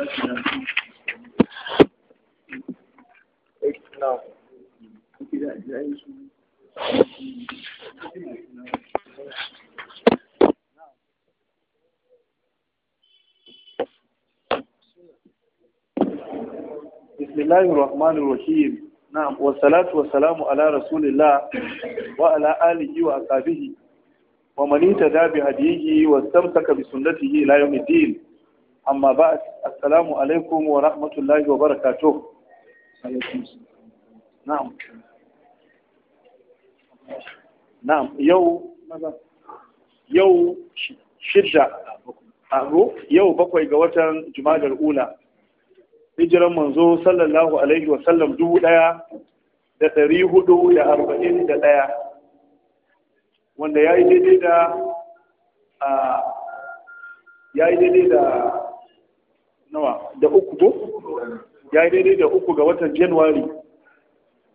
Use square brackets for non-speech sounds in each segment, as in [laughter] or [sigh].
بسم الله الرحمن الرحيم نعم والصلاة والسلام على رسول الله وعلى آله وأصحابه ومن اهتدى بهديه واستمسك بسنته إلى يوم الدين أما بعد assalamu alaikum wa rahmatullahi wa barakato. na'am na'am yau yau shidda yau bakwai ga watan jumadar ula hijiran manzo sallallahu alaihi wa sallam dubu daya da dari hudu da arba'in da ɗaya wanda ya yi daidai da ya yi daidai da nawa da uku ko ya yi daidai da uku ga watan januwari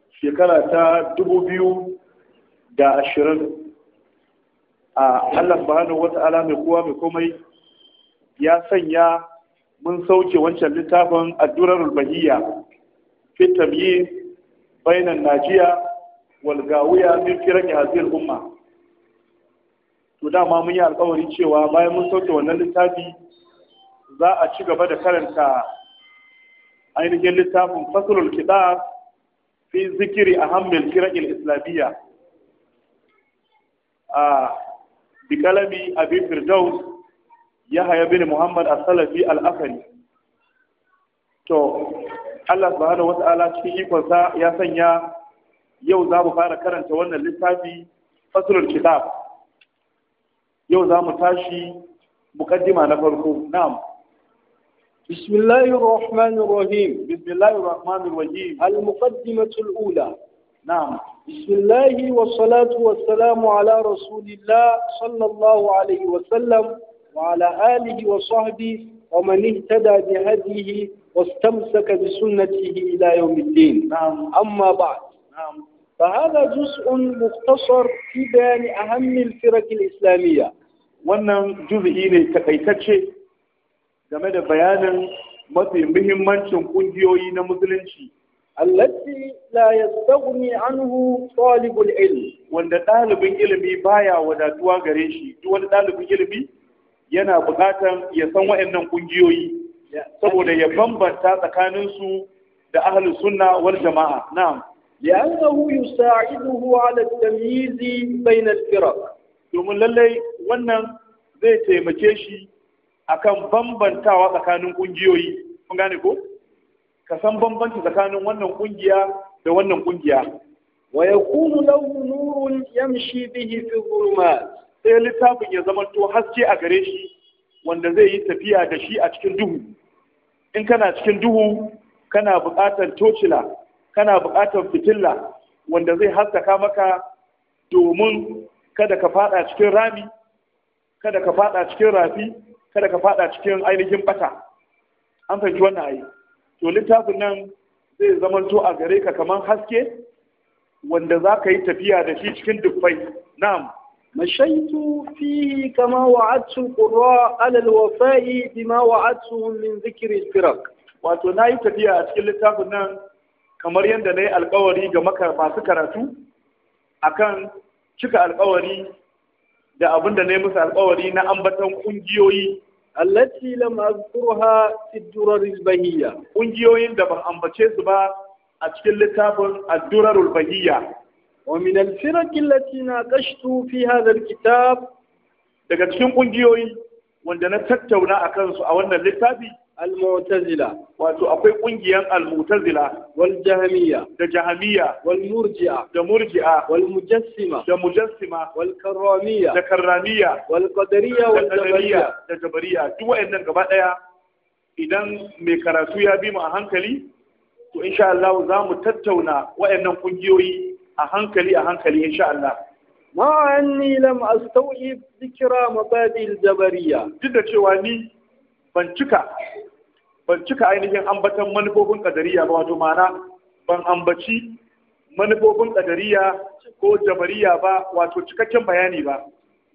shekara ta dubu biyu da ashirin a allah bahanu wata ala mai kowa mai komai ya sanya mun sauke wancan littafin addurar Bahiya" fi yi bainan najiya walgawiya min firaki hazil umma to dama mun yi alkawari cewa bayan mun sauke wannan littafi za a ci gaba da karanta ainihin littafin fasulul kitab fi zikiri a hamil kira'il islamiyya a bikalami abin firdaus ya haya bin muhammad a salafi al to allah subhanahu wata'ala cikin ikonsa ya sanya yau za mu fara karanta wannan littafi fasulul kiɗa yau za mu tashi mukaddima na farko na'am بسم الله الرحمن الرحيم بسم الله الرحمن الرحيم المقدمة الأولى نعم بسم الله والصلاة والسلام على رسول الله صلى الله عليه وسلم وعلى آله وصحبه ومن اهتدى بهديه واستمسك بسنته إلى يوم الدين نعم أما بعد نعم فهذا جزء مختصر في بيان أهم الفرق الإسلامية وأن جزء ne takaitacce game da bayanin mafi muhimmancin kungiyoyi na musulunci allati la yastaghni anhu talibul ilm wanda ɗalibin ilimi baya wadatuwa gare shi duk wani ɗalibin ilimi yana buƙatar ya san waɗannan ƙungiyoyi saboda ya bambanta tsakanin su da ahlus sunna wal jama'a na'am لأنه يساعده على التمييز na الفرق domin lallai wannan zai taimake shi akan bambantawa tsakanin kungiyoyi kun gane ko ka san bambanci tsakanin wannan kungiya da wannan kungiya wa yakunu lahu nurun yamshi bihi fi dhulumat sai littafin ya zama to haske a gare shi wanda zai yi tafiya da shi a cikin duhu in kana cikin duhu kana buƙatar tocila kana buƙatar fitilla wanda zai haskaka maka domin kada ka faɗa cikin rami kada ka faɗa cikin rafi kada ka fada cikin ainihin bata an fahimci wannan ayi to littafin nan zai zama to a gare ka kamar haske wanda za ka yi tafiya da shi cikin dubbai na'am mashaitu fi kama wa'adtu qurra ala alwafa'i bima wa'adtuhum min dhikri firaq wato nayi tafiya a cikin littafin nan kamar yadda na yi alkawari ga masu karatu akan cika alkawari da abin da na yi musu alƙawari na ambaton ƙungiyoyi allati lam azkurha fi durarul bahiyya ƙungiyoyin da ban ambace su ba a cikin littafin ad-durarul bahiyya wa min al-firaq allati naqashtu fi hadha al-kitab daga cikin ƙungiyoyi wanda na tattauna akan su a wannan littafi المعتزلة wato akwai kungiyan al-mu'tazila wal jahmiya da jahmiya wal murji'a da murji'a wal mujassima da mujassima wal karramiya da karramiya wal qadariyya wal jabariya da jabariya duk wayannan gaba ɗaya. idan mai karatu ya bi mu a hankali to insha Allah za mu tattauna wayannan kungiyoyi a hankali a hankali insha Allah ma anni lam astawib dhikra mabadi al-jabariyya duk da cewa ni ban cika ainihin ambatan manufofin kadariya ba wato ma'ana ban ambaci manufofin kadariya ko jabariya ba wato cikakken bayani ba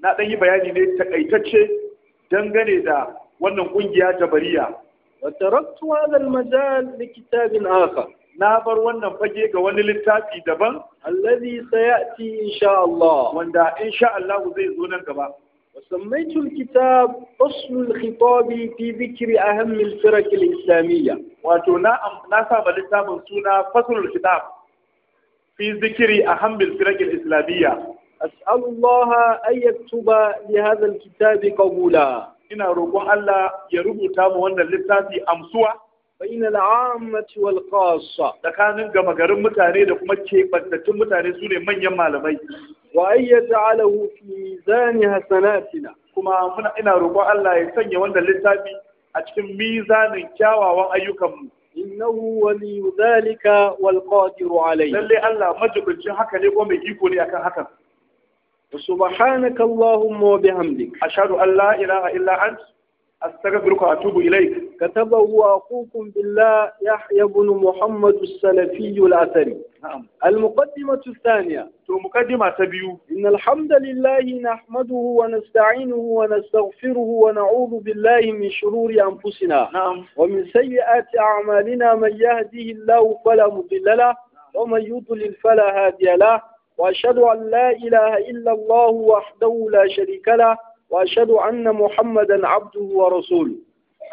na ɗan yi bayani ne takaitacce dangane da wannan ƙungiya jabariya majal هذا kitabin aka. Na bar wannan fage ga wani littafi daban Allazi sayati insha Allah wanda insha Allah zai zo nan gaba سميت الكتاب أصل الخطاب في ذكر أهم الفرق الإسلامية واتونا ناسا بالكتاب سونا فصل الكتاب في ذكر أهم الفرق الإسلامية أسأل الله أن يكتب لهذا الكتاب قبولا إن ربو الله يربو تام وانا لساتي أمسوا فإن العامة والقاصة تكانن جمع جرم متاني دكما كيف بتتم متاني سوني من يمال بيت. wa ayya ja'alahu fi mizani hasanatina kuma muna ina roƙon Allah ya sanya wannan littafi a cikin mizanin kyawawan ayyukanmu innahu waliyu dhalika wal qadiru alayhi lalle Allah majibincin haka ne ko mai iko ne akan hakan subhanaka allahumma wa bihamdik ashhadu an la ilaha illa anta أستغفرك وأتوب إليك كتبه أخوكم بالله يحيى بن محمد السلفي الأثري نعم المقدمة الثانية مقدمة تبيو إن الحمد لله نحمده ونستعينه ونستغفره ونعوذ بالله من شرور أنفسنا نعم ومن سيئات أعمالنا من يهده الله فلا مضل له نعم. ومن يضلل فلا هادي له وأشهد أن لا إله إلا الله وحده لا شريك له وأشهد أن محمدا عبده ورسوله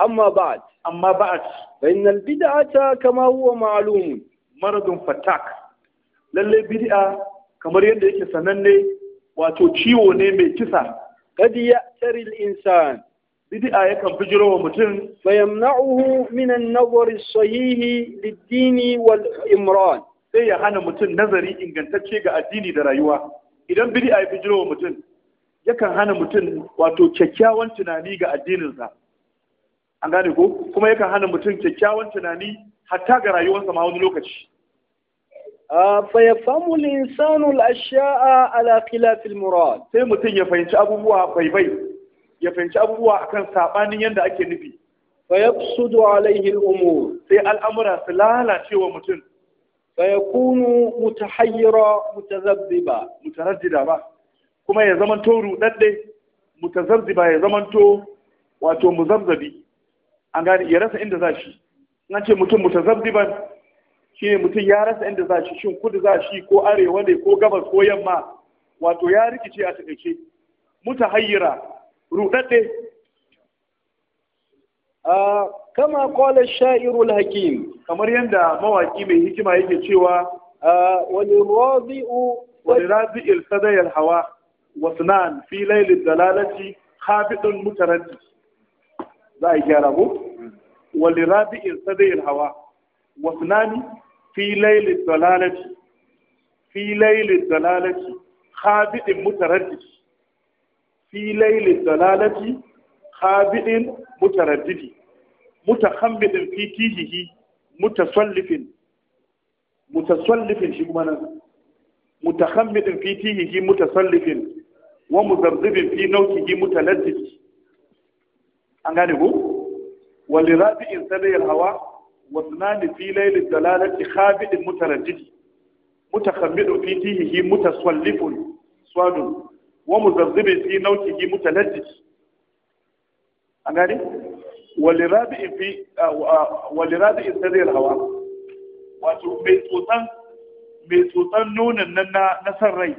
أما بعد أما بعد فإن البدعة كما هو معلوم مرض فتاك للي بدعة كما يندك سنني وتوشيو نيمي كسا قد يأتري الإنسان بدعة يكن بجرو ومتن فيمنعه من النظر الصحيح للدين والإمران sai ya hana mutum nazari ingantacce ga addini da rayuwa idan bid'a ya bijiro wa mutum yakan hana mutum wato kyakkyawan tunani ga addininsa an gane ko kuma yakan hana mutum kyakkyawan tunani hatta ga rayuwarsa ma wani lokaci fa ya famu linsanu al ala sai mutum ya fahimci abubuwa bai ya fahimci abubuwa akan saɓanin yadda ake nufi fa yafsudu alaihi al sai al'amura su lalace wa mutum fa yakunu mutahayyira mutazabbiba mutaraddida ba kuma ya zamanto rudadde mutazabziba ya zamanto wato mu muzabzabi an gane ya rasa inda za shi nan ce mutum mu ta mutazabziban shine mutum ya rasa inda za shi shin kudu za shi ko arewa ne ko gabas ko yamma wato ya rikice a takaice hayyira, ruɗaɗɗe. kama qala shairul hakim kamar yadda mawaki mai hikima yake cewa wani Wani walirazi'il sadayal hawa wasnan fi lailin dalalati khafidun mutaraddi za a gyara ko wali rabi'in sadayil hawa wasnani fi lailin dalalati fi lailin dalalati khafidun mutaraddi fi lailin dalalati khafidun mutaraddidi mutahammidin fi tijihi mutasallifin mutasallifin shi kuma nan fi wa muzabzibin fi naukihi mutaladdid an gane ko wa li rafi'in sadayil hawa wa sunani fi laylid dalalati khabidin mutaraddidi mutakhammidu fi tihi mutasallifun swadun wa muzabzibin fi naukihi mutaladdid an gane wa li rafi'in fi wa li rafi'in sadayil hawa wato mai tsotsan mai tsotsan nonon nan na san rai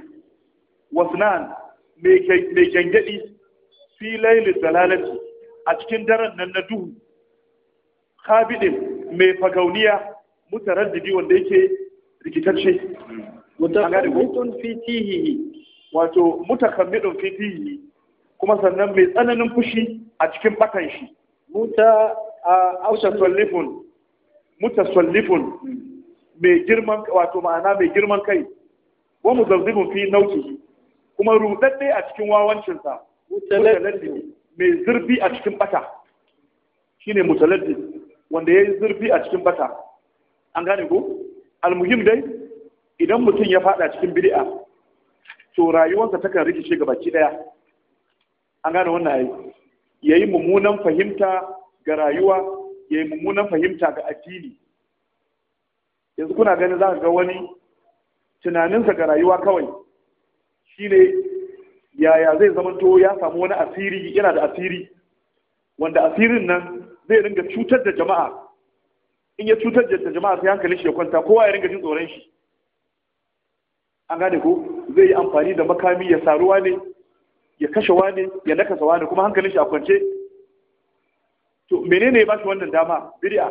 wasnan mai gyangyaɗi filai lissalalati a cikin daren nan na duhu kabidin mai fagauniya mutaraddidi wanda yake rikitacce mutakammidun fitihihi wato mutakammidun fitihihi kuma sannan mai tsananin fushi a cikin bakan shi muta muta mutasallifun hmm. mai girman wato ma'ana mai girman kai wa muzazzibun fi nauki kuma rudadde a cikin wawancinsa mutaladdi mai zurfi a cikin bata shine mutaladdi wanda yayi zurfi a cikin bata an gane ko almuhim dai idan mutum ya fada cikin bid'a to rayuwarsa takan rikice ga baki daya an gane wannan yayi yayi mummunan fahimta ga rayuwa yayi mummunan fahimta ga addini yanzu kuna ganin za ka ga wani tunaninsa ga rayuwa kawai shine yaya zai zamanto ya samu wani asiri yana da asiri wanda asirin nan zai ringa cutar da jama'a in ya cutar da jama'a sai hankalin shi ya kwanta kowa ya ringa jin tsoron shi an gane ko zai yi amfani da makami ya saruwa ne ya kashe wane ya nakasa wane kuma hankalin shi a kwance to menene ya bashi wannan dama bid'a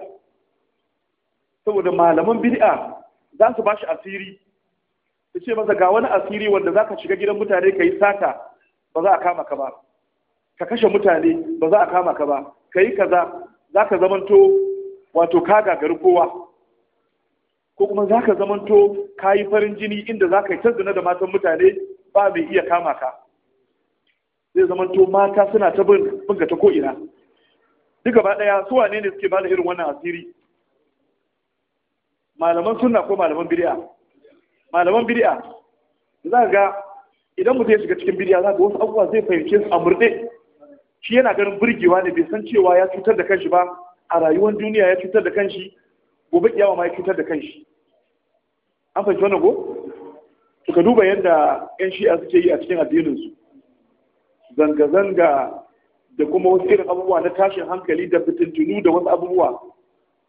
saboda malaman bid'a za su bashi asiri ya ce masa ga wani asiri wanda za ka shiga gidan mutane ka yi sata ba za a kama ka ba ka kashe mutane ba za a kama ka ba ka yi kaza za ka zamanto wato ka gagari kowa ko kuma za ka zamanto ka yi farin jini inda za ka yi tazzana da matan mutane ba mai iya kama ka zai zamanto mata suna ta bin ta ko'ina duk gaba ɗaya su wane ne suke ba da irin wannan asiri malaman sunna ko malaman bid'a malaman bid'a za ga idan mutum ya shiga cikin bid'a za ga wasu abubuwa zai fahimce su a murɗe shi yana ganin burgewa ne bai san cewa ya cutar da kanshi ba a rayuwar duniya ya cutar da kanshi gobe kiyama ma ya cutar da kanshi an fahimci wannan go to ka duba yadda yan shi'a suke yi a cikin addininsu zanga-zanga da kuma wasu irin abubuwa na tashin hankali da fitintunu da wasu abubuwa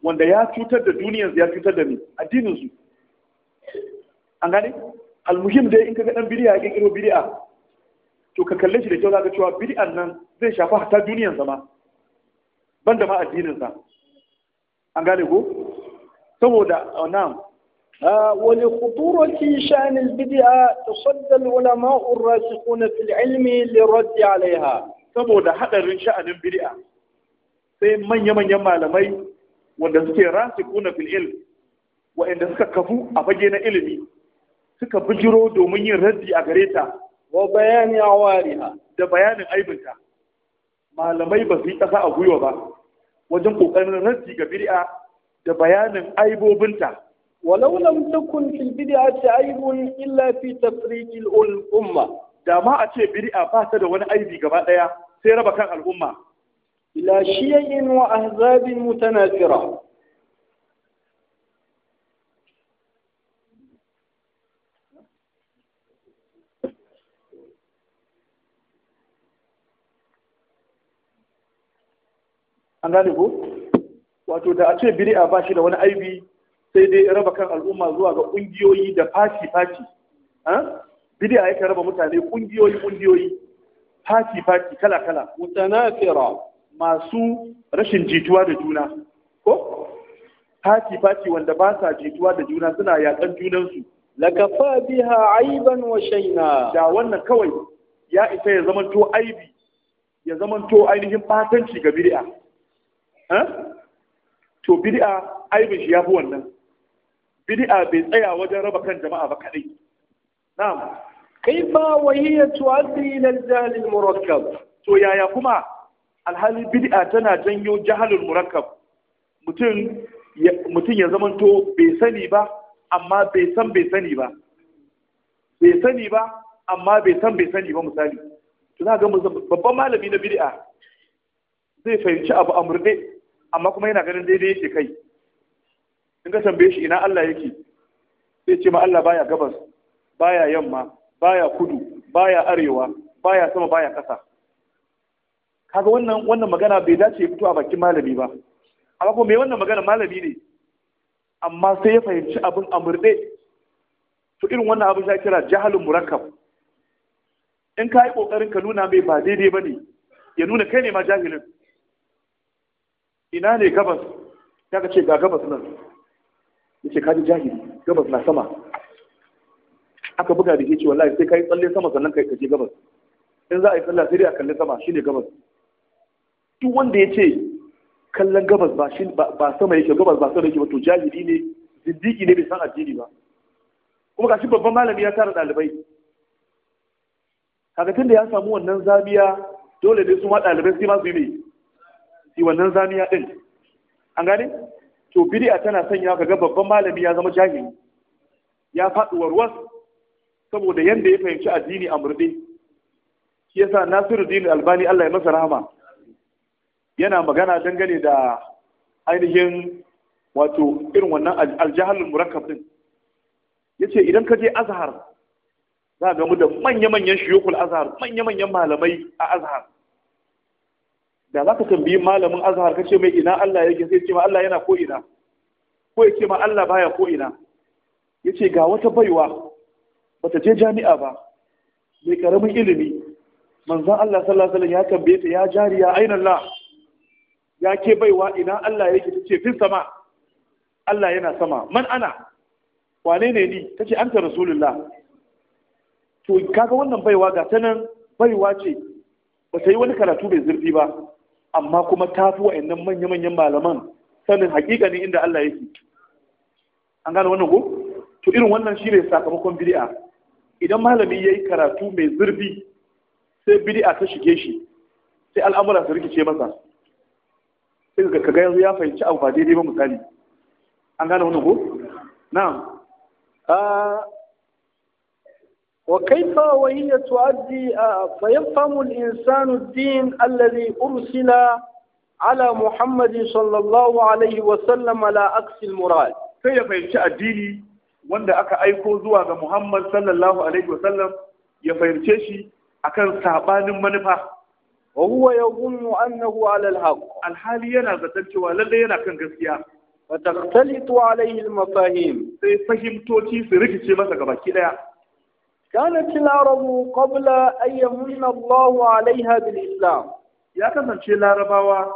wanda ya cutar da duniyarsu ya cutar da ni addininsu an gane almuhim dai in kaga dan bid'a ya kirkiro bid'a to ka kalle shi da kyau zaka cewa bid'an nan zai shafi hatta duniyar zama banda ma addinin sa an gane ko saboda oh, na'am ولخطورة شأن البدعة تصدى العلماء الراسخون في العلم للرد عليها saboda hadarin sha'anin bid'a sai manya-manyan malamai wanda suke rasikuna fil ilm wa'anda suka kafu a fage na ilimi suka bijiro domin yin raddi a gare ta wa bayani awariha da bayanin aibinta malamai ba su yi tsaka a gwiwa ba wajen ƙoƙarin raddi ga bid'a da bayanin aibobinta walau lam takun fil bid'ati aibun illa fi tafriqil umma da ma a ce bid'a ba ta da wani aibi gaba ɗaya sai raba kan al'umma ila shiyayin wa ahzabin tsira. an gane ko wato da a ce bid'a ba shi da wani aibi sai dai raba kan al'umma zuwa ga kungiyoyi da fashi fashi bid'a yake raba mutane kungiyoyi kungiyoyi fati-fati kala kala mutanafira masu rashin jituwa da juna ko fati-fati wanda ba sa jituwa da juna suna yakan junansu lakafa biha aiban wa shaina da wannan kawai ya isa ya zamanto aibi ya zamanto ainihin batanci ga bid'a to bid'a aibin shi ya fi wannan bid'a bai tsaya wajen raba kan jama'a ba kadai na'am kaifa wa hiya tu'addi ila al-jahl murakkab to yaya kuma alhali bid'a tana janyo jahalul murakkab mutum mutum ya zamanto bai sani ba amma bai san bai sani ba bai sani ba amma bai san bai sani ba misali to za ga babban malami na bid'a zai fahimci abu a murde amma kuma yana ganin daidai yake kai in ka tambaye shi ina Allah yake sai ce ma Allah baya gabas baya yamma baya kudu baya arewa baya sama baya ƙasa kaga wannan wannan magana bai dace ya fito a bakin malami ba amma kuma me wannan magana malami ne amma sai ya fahimci abin amurde to irin wannan abin ya kira jahalun murakkab in ka yi kokarin ka nuna mai ba daidai bane ya nuna kai ne ma jahilin ina ne gabas ya ce ga gabas nan ya ce kaji jahili gabas na sama aka buga da ce wallahi sai ka yi tsalle sama sannan ka kaje gabas in za a yi tsalla sai a kalli sama shine gabas duk wanda ya ce kallon gabas ba shi ba sama yake gabas ba sama yake ba to jahili ne zindiki ne bai san addini ba kuma shi babban malami ya tara ɗalibai kaga tunda ya samu wannan zabiya dole ne su ma ɗalibai sai ma su yi yi wannan zamiya ɗin, an gane to bidi'a tana sanya ka ga babban malami ya zama jahili ya faɗi warwas saboda yadda ya fahimci addini a murde shi yasa dini Albani Allah ya masa rahama yana magana dangane da ainihin wato irin wannan aljahalul murakkab Ya ce idan ka je Azhar za a gamu da manya-manyan shiyukul Azhar manya-manyan malamai a Azhar da za ka tambayi malamin azhar ka ce mai ina Allah yake sai ce ma Allah yana ko ina ko ya ma Allah baya ko ina ya ce ga wata baiwa bata je jami'a ba mai karamin ilimi manzon Allah sallallahu alaihi ya tambaye ta ya jariya aina Allah ya ke baiwa ina Allah yake tace ce fin sama Allah yana sama man ana wane ne ni ta ce anta rasulullah to kaga wannan baiwa ga ta nan baiwa ce ba ta yi wani karatu mai zurfi ba amma kuma ta fi wa'annan manya-manyan malaman sanin ne inda Allah yake an gane wannan ko to irin wannan shi ne sakamakon bid'a idan malami ya yi karatu mai zurfi sai bid'a ta shige shi sai al'amura su rikice masa sai ga kaga yanzu ya fahimci abu ba daidai ba misali an gane wannan ko na'am وكيف وهي تؤدي فيفهم الإنسان الدين الذي أرسل على محمد صلى الله عليه وسلم على عكس المراد كيف يفهم الدين wanda aka aiko zuwa ga Muhammad sallallahu alaihi wasallam ya fahimce shi akan sabanin manufa wa huwa yadhunnu annahu ala al alhali yana zaton cewa lalle yana kan gaskiya wa taqtalitu alaihi al-mafahim sai fahimtoci su rikice masa gabaki daya كانت العرب قبل أن يمن الله عليها بالإسلام ya kasance larabawa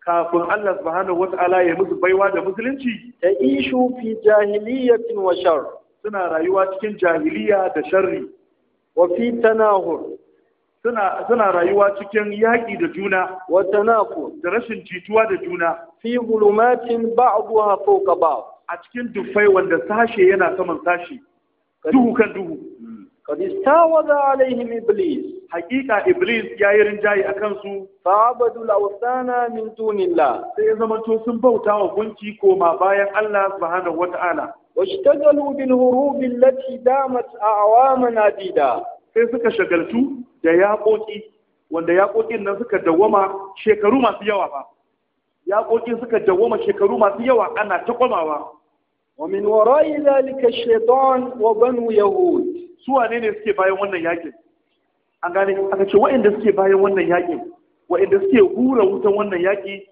kafin Allah subhanahu Ala ya musu baiwa da musulunci ta ishu fi jahiliyatin wa shar suna rayuwa cikin jahiliya da sharri wa fi tanahur suna rayuwa cikin yaƙi da juna wa tanafur da rashin jituwa da juna fi zulumatin ba'daha fawqa ba'd a cikin dufai wanda sashe yana saman sashe duhu kan duhu Ka fita wa Iblis! Hakika Iblis yayi rinjaye a kansu. Babu lausana min duniya. Sai ya zamanto sun bauta wa kwanci koma bayan Allah S.Wata'ala. Wacce takalmin hurumin latti damat a awa Manaji da? Sai suka shagaltu da yaƙoƙi wanda yaƙoƙin na suka jawo ma shekaru masu yawa ana ta ƙomawa. wa min wara'i zalika shaytan wa banu yahud su wane ne suke bayan wannan yakin an gane aka ce waɗanda suke bayan wannan yakin waɗanda suke hura wutan wannan yaki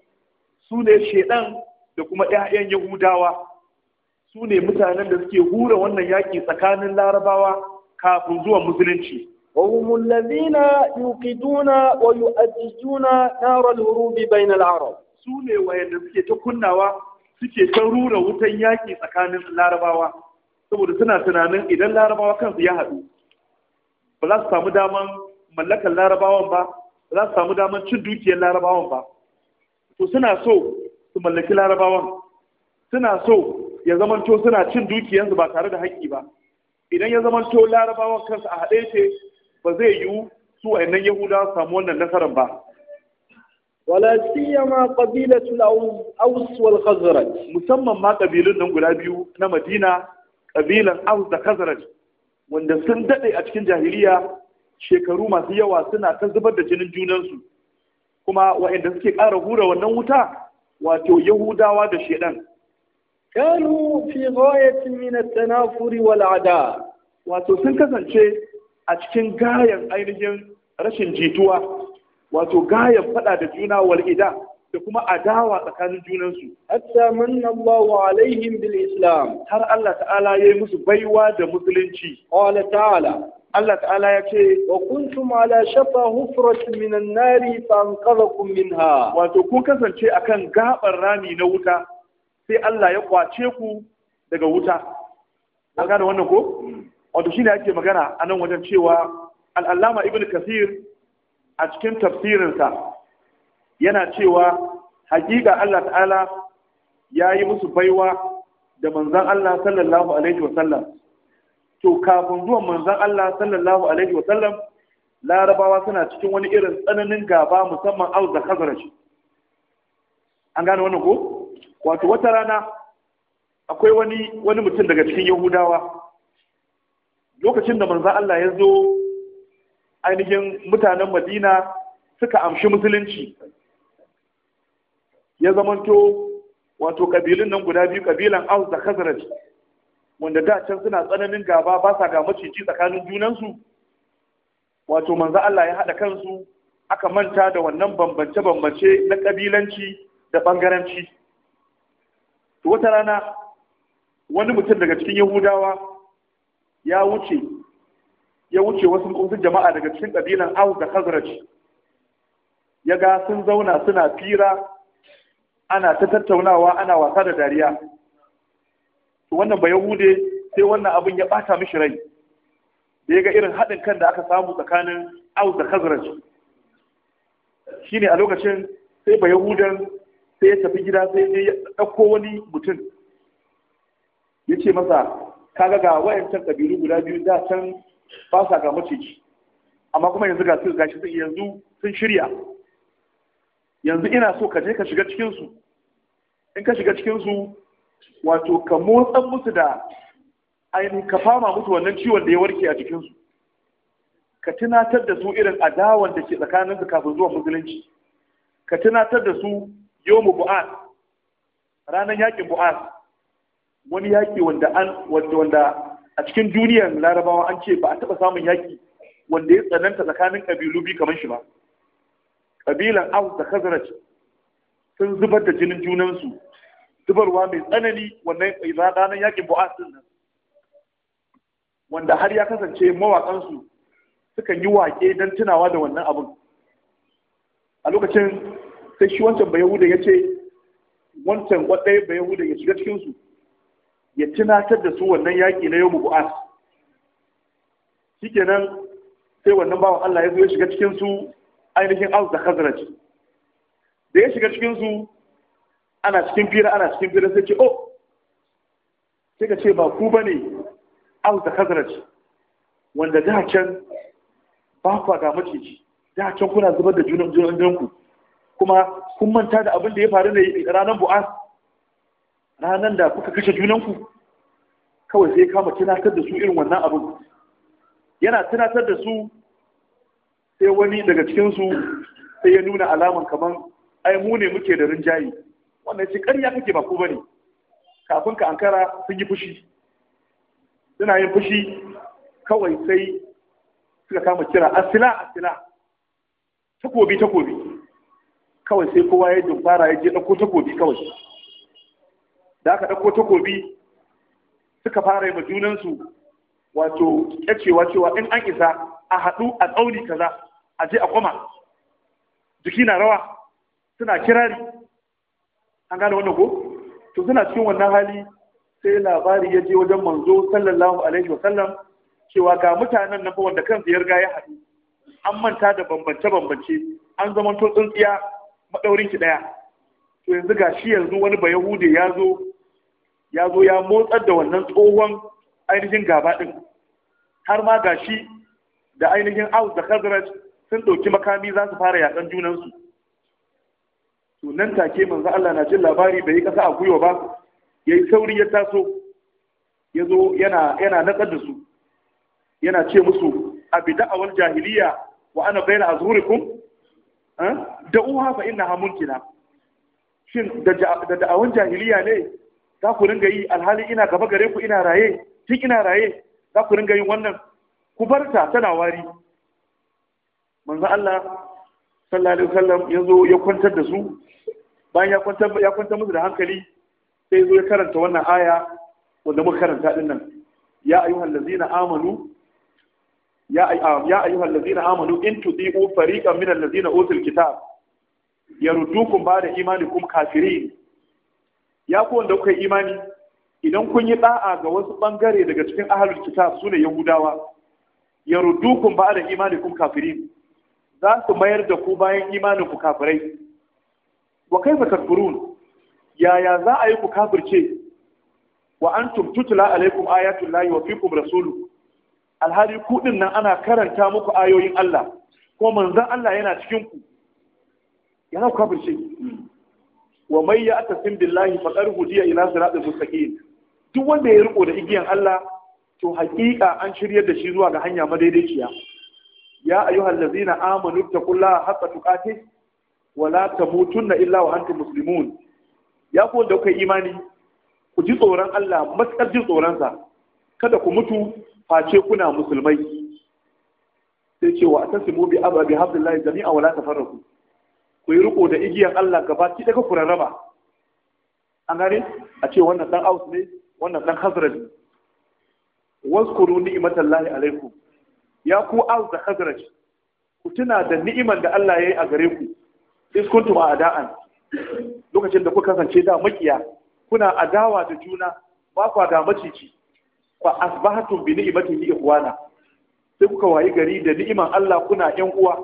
su ne shaydan da kuma ƴaƴan yahudawa su ne mutanen da suke hura wannan yaki tsakanin larabawa kafin zuwa musulunci Wa وهم الذين يوقدون ويؤججون نار الهروب بين العرب سوني وين سكي تكنوا suke ta rura wutan yaƙi tsakanin larabawa saboda suna tunanin idan larabawa kansu ya haɗu ba za su samu daman mallakar larabawan ba ba za su samu daman cin dukiyar larabawan ba to suna so su mallaki larabawan suna so ya zamanto suna cin dukiyarsu ba tare da haƙƙi ba idan ya zamanto larabawan kansu a haɗe ce ba zai yiwu su wa'annan yahudawa su samu wannan nasarar ba wala siyama qabilatul aus wal khazraj musamman ma kabilun nan guda biyu na Madina kabilan aus da khazraj wanda sun dade a cikin jahiliya shekaru masu yawa suna ta zubar da jinin junansu kuma waɗanda suke ƙara hura wannan wuta wato yahudawa da shedan kanu fi ghayatin min at-tanafur wal ada wato sun kasance a cikin gayan ainihin rashin jituwa wato gayan faɗa da juna wal ida da kuma adawa tsakanin junansu hatta manna Allahu alaihim bil islam har Allah ta'ala yayi musu baiwa da musulunci qala ta'ala Allah ta'ala ya ce wa kuntum ala shafa hufrat min an-nar fa anqadhakum minha wato kun kasance akan gabar rami na wuta sai Allah ya kwace ku daga wuta an gane wannan ko mm. wato shine ake magana anan wajen cewa al-allama ibn kathir a cikin tafsirinsa yana cewa hakika Allah ta'ala ya yi musu baiwa da manzan Allah sallallahu alaihi wasallam to kafin zuwan manzan Allah sallallahu alaihi wasallam larabawa suna cikin wani irin tsananin gaba musamman aus da khazraj an gane wannan ko wato wata rana akwai wani wani mutum daga cikin yahudawa lokacin da manzan Allah ya zo ainihin mutanen madina suka amshi musulunci ya zamanto wato kabilun nan guda biyu kabilan aus da khazraj wanda da can suna tsananin gaba ba sa ga maciji tsakanin junansu wato manzo Allah ya haɗa kansu aka manta da wannan bambance-bambance na kabilanci da bangaranci to wata rana wani mutum daga cikin yahudawa ya wuce ya wuce wasu wasu jama'a daga cikin ƙabilan Aus da Khazraj ya ga sun zauna suna fira ana ta tattaunawa ana wasa da dariya wannan ba Yahude sai wannan abin ya bata mishi rai da ya ga irin haɗin kan da aka samu tsakanin au da Khazraj shine a lokacin sai ba Yahudan sai ya tafi gida sai ya ɗauko wani mutum ya ce masa kaga ga wayancan ƙabilu guda biyu da can ba sa ga maciji amma kuma yanzu ga su gashi sun yanzu sun shirya yanzu ina so ka je ka shiga cikin su in ka shiga cikin su wato ka motsa musu da ainihin ka fama musu wannan ciwon da ya warke a jikin su ka tunatar da su irin adawan da ke tsakanin su kafin zuwa musulunci ka tunatar da su yomu bu'an ranar yakin bu'an wani yaki wanda an wanda a cikin duniyar larabawa an ce ba a taɓa samun yaƙi wanda ya tsananta tsakanin ƙabilu biyu kamar shi ba ƙabilan aus da khazraj sun zubar da jinin junansu zubarwa mai tsanani wannan ranar yaƙin bu'as din nan wanda har ya kasance mawaƙansu sukan yi waƙe don tunawa da wannan abin a lokacin sai shi wancan bayahuda ya ce wancan waɗaya bayahuda ya shiga cikinsu ya tunatar da su wannan yaƙi na yau shi kenan sai wannan bawan Allah ya zo ya shiga cikin su ainihin aus da khazraj da ya shiga cikin su ana cikin fira ana cikin fira sai ce oh sai ka ce ba ku bane aus da khazraj wanda da can ba ku ga maciji da can kuna zubar da junan junan ku kuma kun manta da abin da ya faru ne ranar bu'as ranar da kuka kashe junanku kawai sai kama tunatar da su irin wannan abin yana tunatar da su sai wani daga cikinsu sai ya nuna alaman kamar ai mu ne muke da rinjaye wannan ce ƙarya kake ba ku ne kafin ka ankara sun yi fushi suna yin fushi kawai sai suka kama kira asila asila takobi takobi kawai sai kowa ya dumfara ya je ɗauko takobi kawai da aka ɗauko takobi suka fara yi ma junansu wato kyacewa cewa in an isa a haɗu a tsauni kaza a je a kwama. jiki na rawa suna kirari an gane wannan ko to suna cikin wannan hali sai labari ya je wajen manzo sallallahu alaihi wa sallam cewa ga mutanen nan fa wanda kansu ya riga ya haɗu an manta da bambance bambance an zama to tsintsiya madaurin ki daya to yanzu ga shi yanzu wani bayahude ya zo ya zo ya motsar da wannan tsohon ainihin gaba ɗin har ma ga shi da ainihin aus da khazraj sun ɗauki makami za su fara yaƙan junansu to nan take manzo Allah na cin labari bai yi ƙasa a gwiwa ba yayi sauri ya taso ya zo yana yana natsar da su yana ce musu abi da'awal jahiliya wa ana baina azhurikum eh? da fa innaha munkina shin da da'awan jahiliya ne za ku ringa yi alhali ina gaba gare ku ina raye tun ina raye za ku ringa yin wannan ku barta tana wari manzo Allah sallallahu alaihi wasallam ya ya kwantar da su bayan ya kwantar ya kwantar musu da hankali sai ya karanta wannan aya wanda muka karanta din nan ya ayyuhal ladzina amanu ya ah, ya ayyuhal ladzina amanu in tudiu fariqan min alladzina utul kitab yarudukum ba'da imanikum kafirin ya ku wanda kuka imani idan kun yi da'a ga wasu ɓangare daga cikin ahlul kitab ne yahudawa da imani kun kafirin za su mayar da ku bayan imanin ku kafirai wa kaifa yaya za a yi ku kafirce wa an tutla alaikum ayatul lahi wa fikum rasulu alhali ku din nan ana karanta muku ayoyin Allah ko manzon Allah yana cikin ku yana kafirce wa mai ya sin billahi faɗar hudiya ila siratul mustaqim duk wanda ya riko da igiyan Allah to haƙiƙa an shiryar da shi zuwa ga hanya madaidaiciya ya ayyuhal ladzina amanu taqullaha haqqa tuqatih wa la tamutunna illa wa antum muslimun ya ku da kai imani ku ji tsoron Allah matsar ji tsoron kada ku mutu face kuna musulmai sai ce wa atasimu bi jami'a wa la tafarraqu ku yi riko da igiyar Allah gaba ki daga ku rarraba an gane a ce wannan dan aus ne wannan dan ne waskuru ni'matallahi alaikum ya ku aus da hazra ku tuna da ni'iman da Allah ya yi a gare ku is kuntum a'da'an lokacin da kuka kasance da makiya kuna adawa da juna ba kwa da macici fa asbahatum bi li ikhwana sai kuka wayi gari da ni'iman Allah kuna yan uwa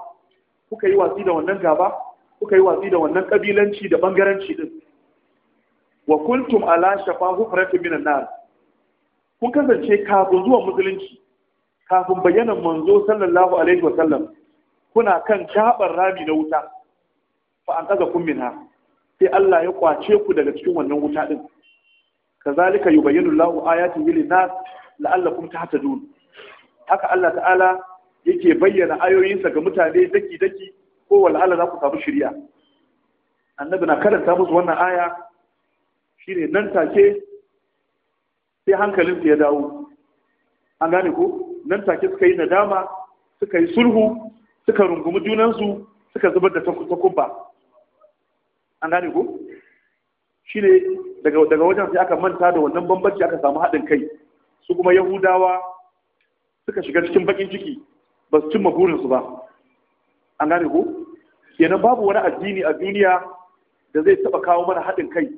kuka yi watsi da wannan gaba kuka yi watsi da wannan kabilanci da bangaranci ɗin? wa kuntum ala shafa hufratin minan nar kun kasance kafin zuwa musulunci kafin bayanan manzo sallallahu alaihi wa kuna kan shaɓar rami na wuta fa an kaga kun minha sai Allah ya kwace ku daga cikin wannan wuta din kazalika yubayyinu Allahu ayatihi lin-nas la'allakum tahtadun haka Allah ta'ala yake bayyana ayoyinsa ga mutane daki daki ko wal'ala za ku samu shirya annabi na karanta musu wannan aya Shi ne nan take sai hankalin ya dawo an gane ko nan take suka yi nadama suka yi sulhu suka rungumi junansu suka zubar da takumba an gane ko Shi daga daga wajen sai aka manta da wannan bambanci aka samu haɗin kai su kuma yahudawa suka shiga cikin bakin ciki ba su cimma burinsu ba an gane ko kenan babu wani addini a duniya da zai taɓa kawo mana haɗin kai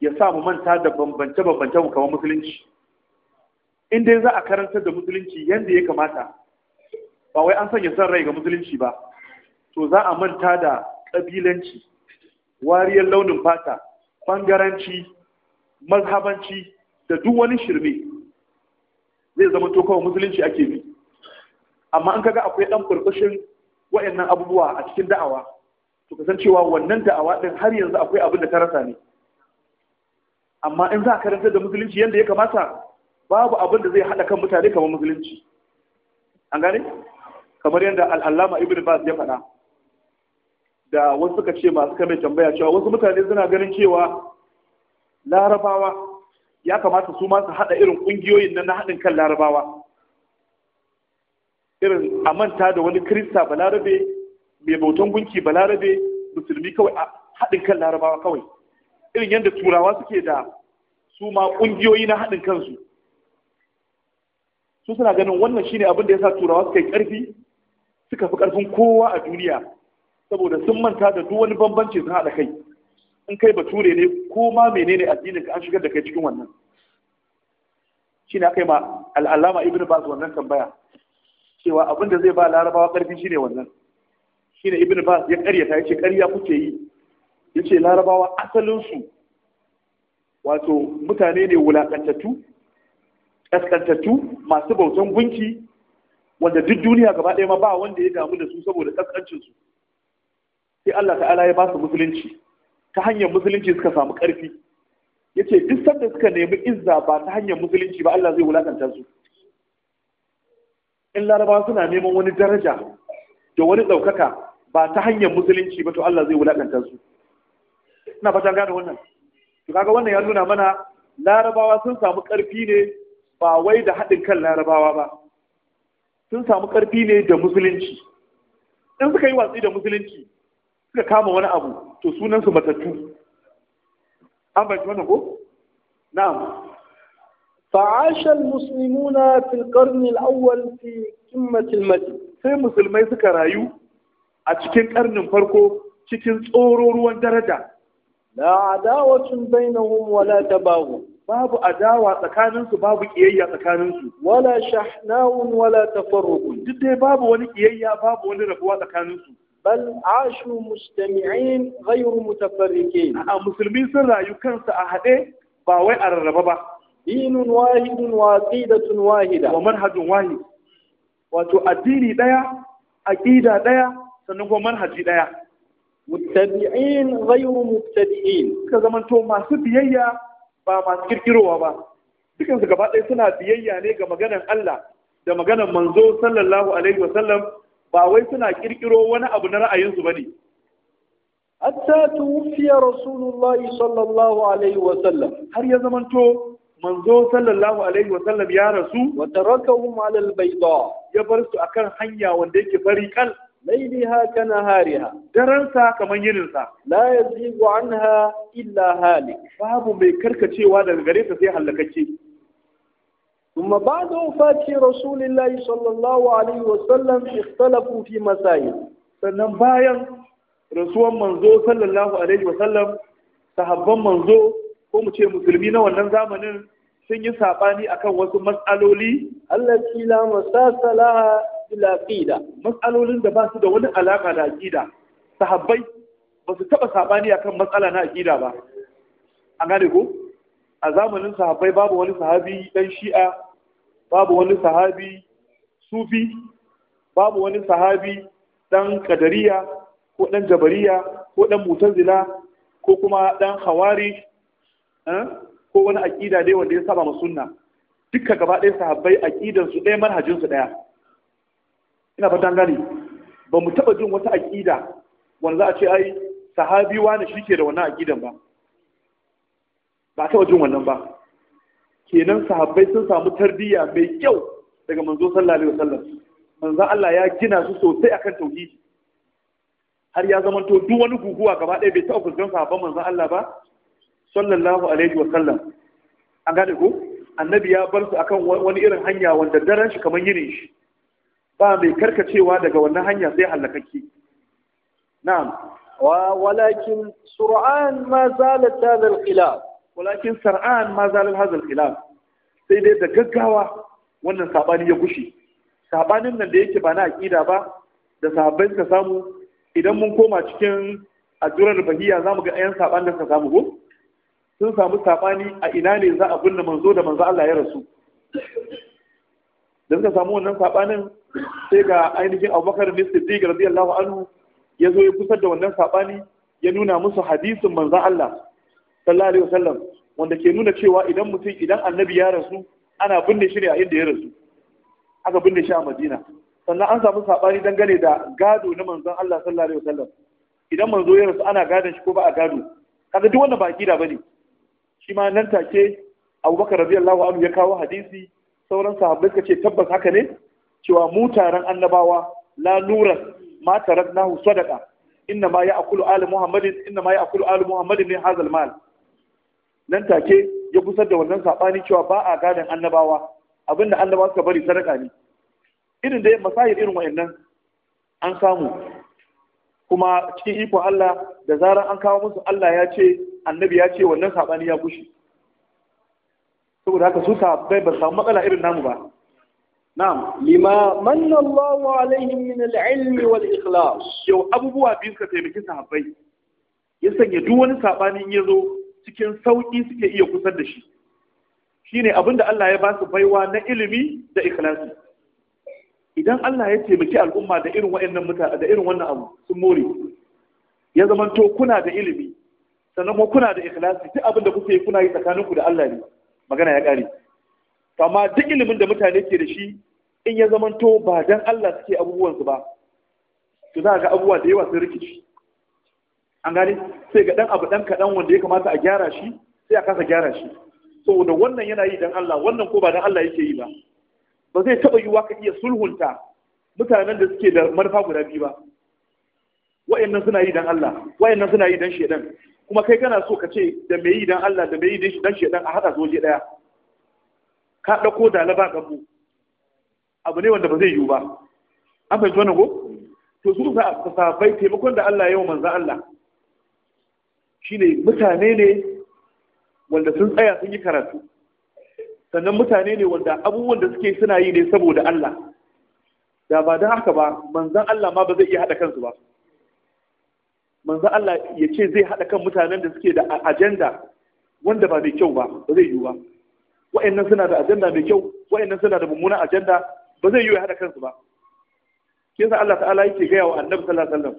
ya sa mu manta da bambance-bambance mu kamar musulunci in dai za a karantar da musulunci yadda ya kamata ba wai an sanya son rai ga musulunci ba to za a manta da ƙabilanci wariyar launin fata ɓangaranci mazhabanci da duk wani shirme zai zama to kawai musulunci ake bi amma an kaga akwai ɗan burbushin wa'annan abubuwa a cikin da'awa to kasancewa wannan da'awa ɗin har yanzu akwai abin da ta rasa ne amma in za a karanta da musulunci yadda ya kamata babu abin da zai haɗa kan mutane kamar musulunci an gane kamar yadda al'allama ibn bas ya faɗa da wasu suka ce masu kame tambaya cewa wasu mutane suna ganin cewa larabawa ya kamata su ma su haɗa irin ƙungiyoyin nan na haɗin kan larabawa irin a manta da wani krista balarabe mai bautan gunki balarabe musulmi kawai a haɗin kan larabawa kawai irin yadda turawa suke da su ma ƙungiyoyi na haɗin kansu su suna ganin wannan shine abin da ya sa turawa suka yi ƙarfi suka fi ƙarfin kowa a duniya saboda sun manta da duk wani bambanci sun haɗa kai in kai bature ne ko ma menene addinin ka an shigar da kai cikin wannan shine aka yi ma al'alama ibnu baz wannan tambaya cewa abin da zai ba larabawa ƙarfi shine wannan shine ibn bas ya ƙaryata ya ce ƙarya kuke yi ya ce larabawa asalinsu wato mutane ne wulaƙantattu ƙasƙantattu masu bautan gunki wanda duk duniya gaba ɗaya ma ba wanda ya damu da su saboda ƙasƙancinsu sai Allah ta'ala ya ba su musulunci ta hanyar musulunci suka samu ƙarfi Yace duk sanda suka nemi izza ba ta hanyar musulunci ba Allah zai wulaƙanta su in larabawa suna neman wani daraja da wani ɗaukaka ba ta hanyar musulunci ba to Allah zai wulakanta su ina fatan gane wannan to kaga wannan ya nuna mana larabawa sun samu ƙarfi ne ba wai da haɗin kan larabawa ba sun samu ƙarfi ne da musulunci in suka yi watsi da musulunci suka kama wani abu to sunansu matattu an bai wannan ko na'am فعاش المسلمون في القرن الأول في قمة المجد sai musulmai suka rayu a cikin karnin farko cikin tsoro ruwan daraja la adawatun bainahum wala tabahu babu adawa tsakaninsu babu kiyayya tsakaninsu wala shahna'un wala tafarruqun duk dai babu wani kiyayya babu wani rabuwa tsakaninsu bal ashu mustami'in ghayru mutafarriqin a musulmi sun rayu kansu a haɗe ba wai a rarraba ba دين واحد wa aqidatun wahida wa manhajun wahid wato addini daya aƙida daya sannan kuma manhaji daya muttabi'in ghayru mubtadi'in suka zamanto masu biyayya ba masu ba dukansu gaba ɗaya suna biyayya ne ga maganar Allah da maganar manzo sallallahu alaihi wasallam ba wai suna kirkiro wani abu na ra'ayinsu ba ne. Hatta tuwufiya Rasulullahi sallallahu alaihi wasallam har ya zamanto manzo sallallahu alaihi wa sallam ya rasu wa tarakahum ala albayda ya bar su akan hanya wanda yake fari kal lailaha kana hariha Daransa sa kaman yinin sa la yazigu anha illa halik babu mai karkacewa daga gare ta sai halakacce ثم بعد وفاة رسول الله صلى الله عليه وسلم اختلفوا في مسائل sannan bayan rasuwan manzo sallallahu alaihi wa sallam sahabban manzo ko mu ce musulmi na wannan zamanin sun yi saɓani akan wasu matsaloli allati la masasala ila aqida matsalolin da ba su da wani alaka da aqida sahabbai ba su taɓa saɓani akan matsala na aqida ba an gane ko a zamanin sahabbai babu wani sahabi dan shi'a babu wani sahabi sufi babu wani sahabi dan kadariya ko dan jabariya ko dan mutazila ko kuma dan hawari Eh? ko wani aƙida dai wanda ya saba ma sunna duka gaba ɗaya sahabbai aƙidan su ɗaya manhajin su ɗaya ina fatan gani ba mu taɓa jin wata aƙida wanda za a ce ai sahabi wani shi ke da wannan aƙidan ba ba a taɓa jin wannan ba kenan sahabbai sun samu tarbiyya mai kyau daga manzo sallallahu alaihi wasallam manzo Allah ya gina su sosai akan tauhidi har ya zama to duk wani guguwa gaba ɗaya bai taɓa fuskan sahabban manzo Allah ba sallallahu alaihi wa sallam an gane ko annabi ya bar su akan wani irin hanya wanda daren shi kamar yinin shi ba mai karkacewa daga wannan hanya sai halakakki na'am wa walakin sur'an ma zalat hadha khilaf walakin sur'an ma zalat hadha khilaf sai dai da gaggawa wannan sabani ya gushi sabanin nan da yake ba na aqida ba da sahabbai ka samu idan mun koma cikin ajurar bahiya zamu ga ayan saban da suka samu ko sun samu sabani a ina ne za a binne manzo da manzo Allah ya rasu da suka samu wannan sabanin sai ga ainihin Abubakar bin Siddiq radiyallahu anhu ya zo ya kusar da wannan sabani ya nuna musu hadisin manzo Allah sallallahu alaihi wasallam wanda ke nuna cewa idan mutum idan annabi ya rasu ana binne shi ne a inda ya rasu aka binne shi a Madina sannan an samu sabani dangane da gado na manzon Allah sallallahu alaihi wasallam idan manzo ya rasu ana gadon shi ko ba a gado kaga duk wannan ba da bane shi ma nan take abubakar radiyallahu anhu ya kawo hadisi sauran sahabbai suka ce tabbas haka ne cewa mu taron annabawa la nura, ma taraknahu sadaqa inna ma ya'kulu ali muhammadin inna ma ya'kulu ali muhammadin min hazal mal nan take ya kusar da wannan sabani cewa ba a gadan annabawa abinda annabawa suka bari sadaka ne irin da masahir irin wayannan an samu kuma cikin iko Allah da zarar an kawo musu Allah ya ce annabi ya ce wannan saɓani ya bushe. saboda haka su sahabbai ba samu matsala irin namu ba na'am lima manna Allahu min al-ilmi wal ikhlas yau abubuwa biyu suka taimaki sahabbai ya sanya duk wani saɓani in ya zo cikin sauƙi suke iya kusa da shi shine abinda Allah ya ba su baiwa na ilimi da ikhlasi idan Allah ya taimaki al'umma da irin wa'annan mutane da irin wannan abu sun more ya zamanto kuna da ilimi sannan kuma kuna da ikhlasi duk abin da kuke yi kuna yi tsakaninku da Allah ne magana ya kare to amma duk ilimin da mutane ke da shi in ya to ba dan Allah suke abubuwan su ba to za ga abubuwa da yawa sun rikici an gane sai ga dan abu dan kadan wanda ya kamata a gyara shi sai a kasa gyara shi saboda wannan yana yi dan Allah wannan ko ba dan Allah yake yi ba ba zai taba yiwa ka iya sulhunta mutanen da suke da manufa guda biyu ba wa'annan suna yi dan Allah wa'annan suna yi dan shedan kuma kai kana so ka ce da me yi dan Allah da me yi dan shi dan shedan a haɗa zoje ɗaya ka ɗauko da laba gabu abu ne wanda ba zai yiwu ba an fahimci wannan ko to su ka sabai taimakon da Allah yau manzo Allah shine mutane ne wanda sun tsaya sun yi karatu sannan mutane ne wanda abubuwan da suke suna yi ne saboda Allah da ba don haka ba manzan Allah ma ba zai iya haɗa kansu ba manzo Allah ya ce zai haɗa kan mutanen da suke da ajanda wanda ba mai kyau ba ba zai yiwu ba wa'annan suna da ajanda mai kyau wa'annan suna da mummuna ajanda ba zai yiwu ya haɗa kansu ba shi yasa Allah ta'ala yake gaya wa annabi sallallahu alaihi wasallam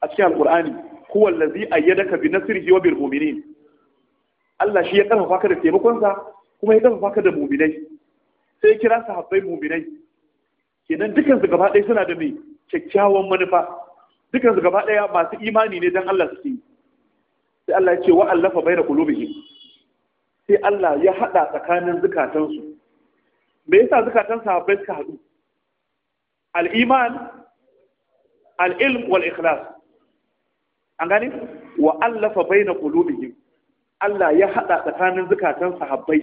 a cikin alqur'ani huwa allazi ayyadaka bi nasrihi wa bil mu'minin Allah shi ya karfafa ka da taimakon sa kuma ya karfafa ka da mu'minai sai kira sahabbai mu'minai kenan dukansu gaba ɗaya suna da mai kyakkyawan manufa dukan su gaba daya masu imani ne dan Allah suke sai Allah ya ce wa allafa baina qulubihim sai Allah ya hada tsakanin zukatan su me yasa zukatan sahabbai suka hadu al-iman al-ilm wal ikhlas an gani? wa allafa baina qulubihim Allah ya hada tsakanin zukatan sahabbai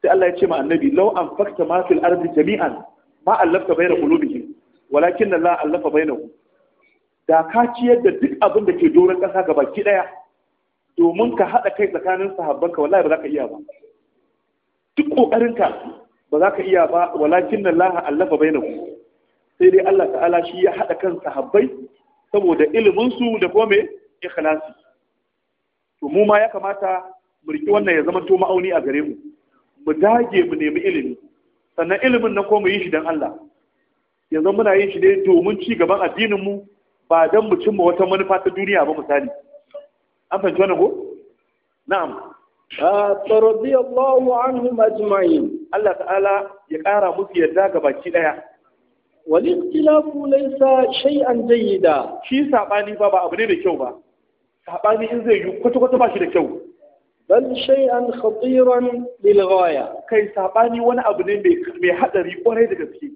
sai Allah ya ce ma annabi law an fakta ma fil ardi jami'an ma allafta baina qulubihim walakin Allah allafa bainahum da ka ciyar da duk abin da ke doron ƙasa ga baki ɗaya domin ka haɗa kai tsakanin sahabbanka wallahi ba za ka iya ba duk ƙoƙarinka ba za ka iya ba walakin nan laha allafa bai ku sai dai Allah ta'ala shi ya haɗa kan sahabbai saboda iliminsu da kuma mai ikhlasi to mu ma ya kamata mu riki wannan ya zama to ma'auni a gare mu mu dage mu nemi ilimi sannan ilimin nan ko mu yi shi don Allah yanzu muna yin shi ne domin ci gaban addinin mu ba don mu cimma wata manufa ta duniya ba misali an fahimci wannan ko na'am ta ah, radiyallahu anhu majma'in Allah ta'ala ya ƙara musu yadda ga baki daya wal ikhtilafu laysa shay'an da. shi saɓani ba ba abu ne da kyau ba Saɓani in zai yi kwata kwata ba shi da kyau bal shay'an khatiran lil ghaya kai sabani wani abu ne mai haɗari kwarai da gaske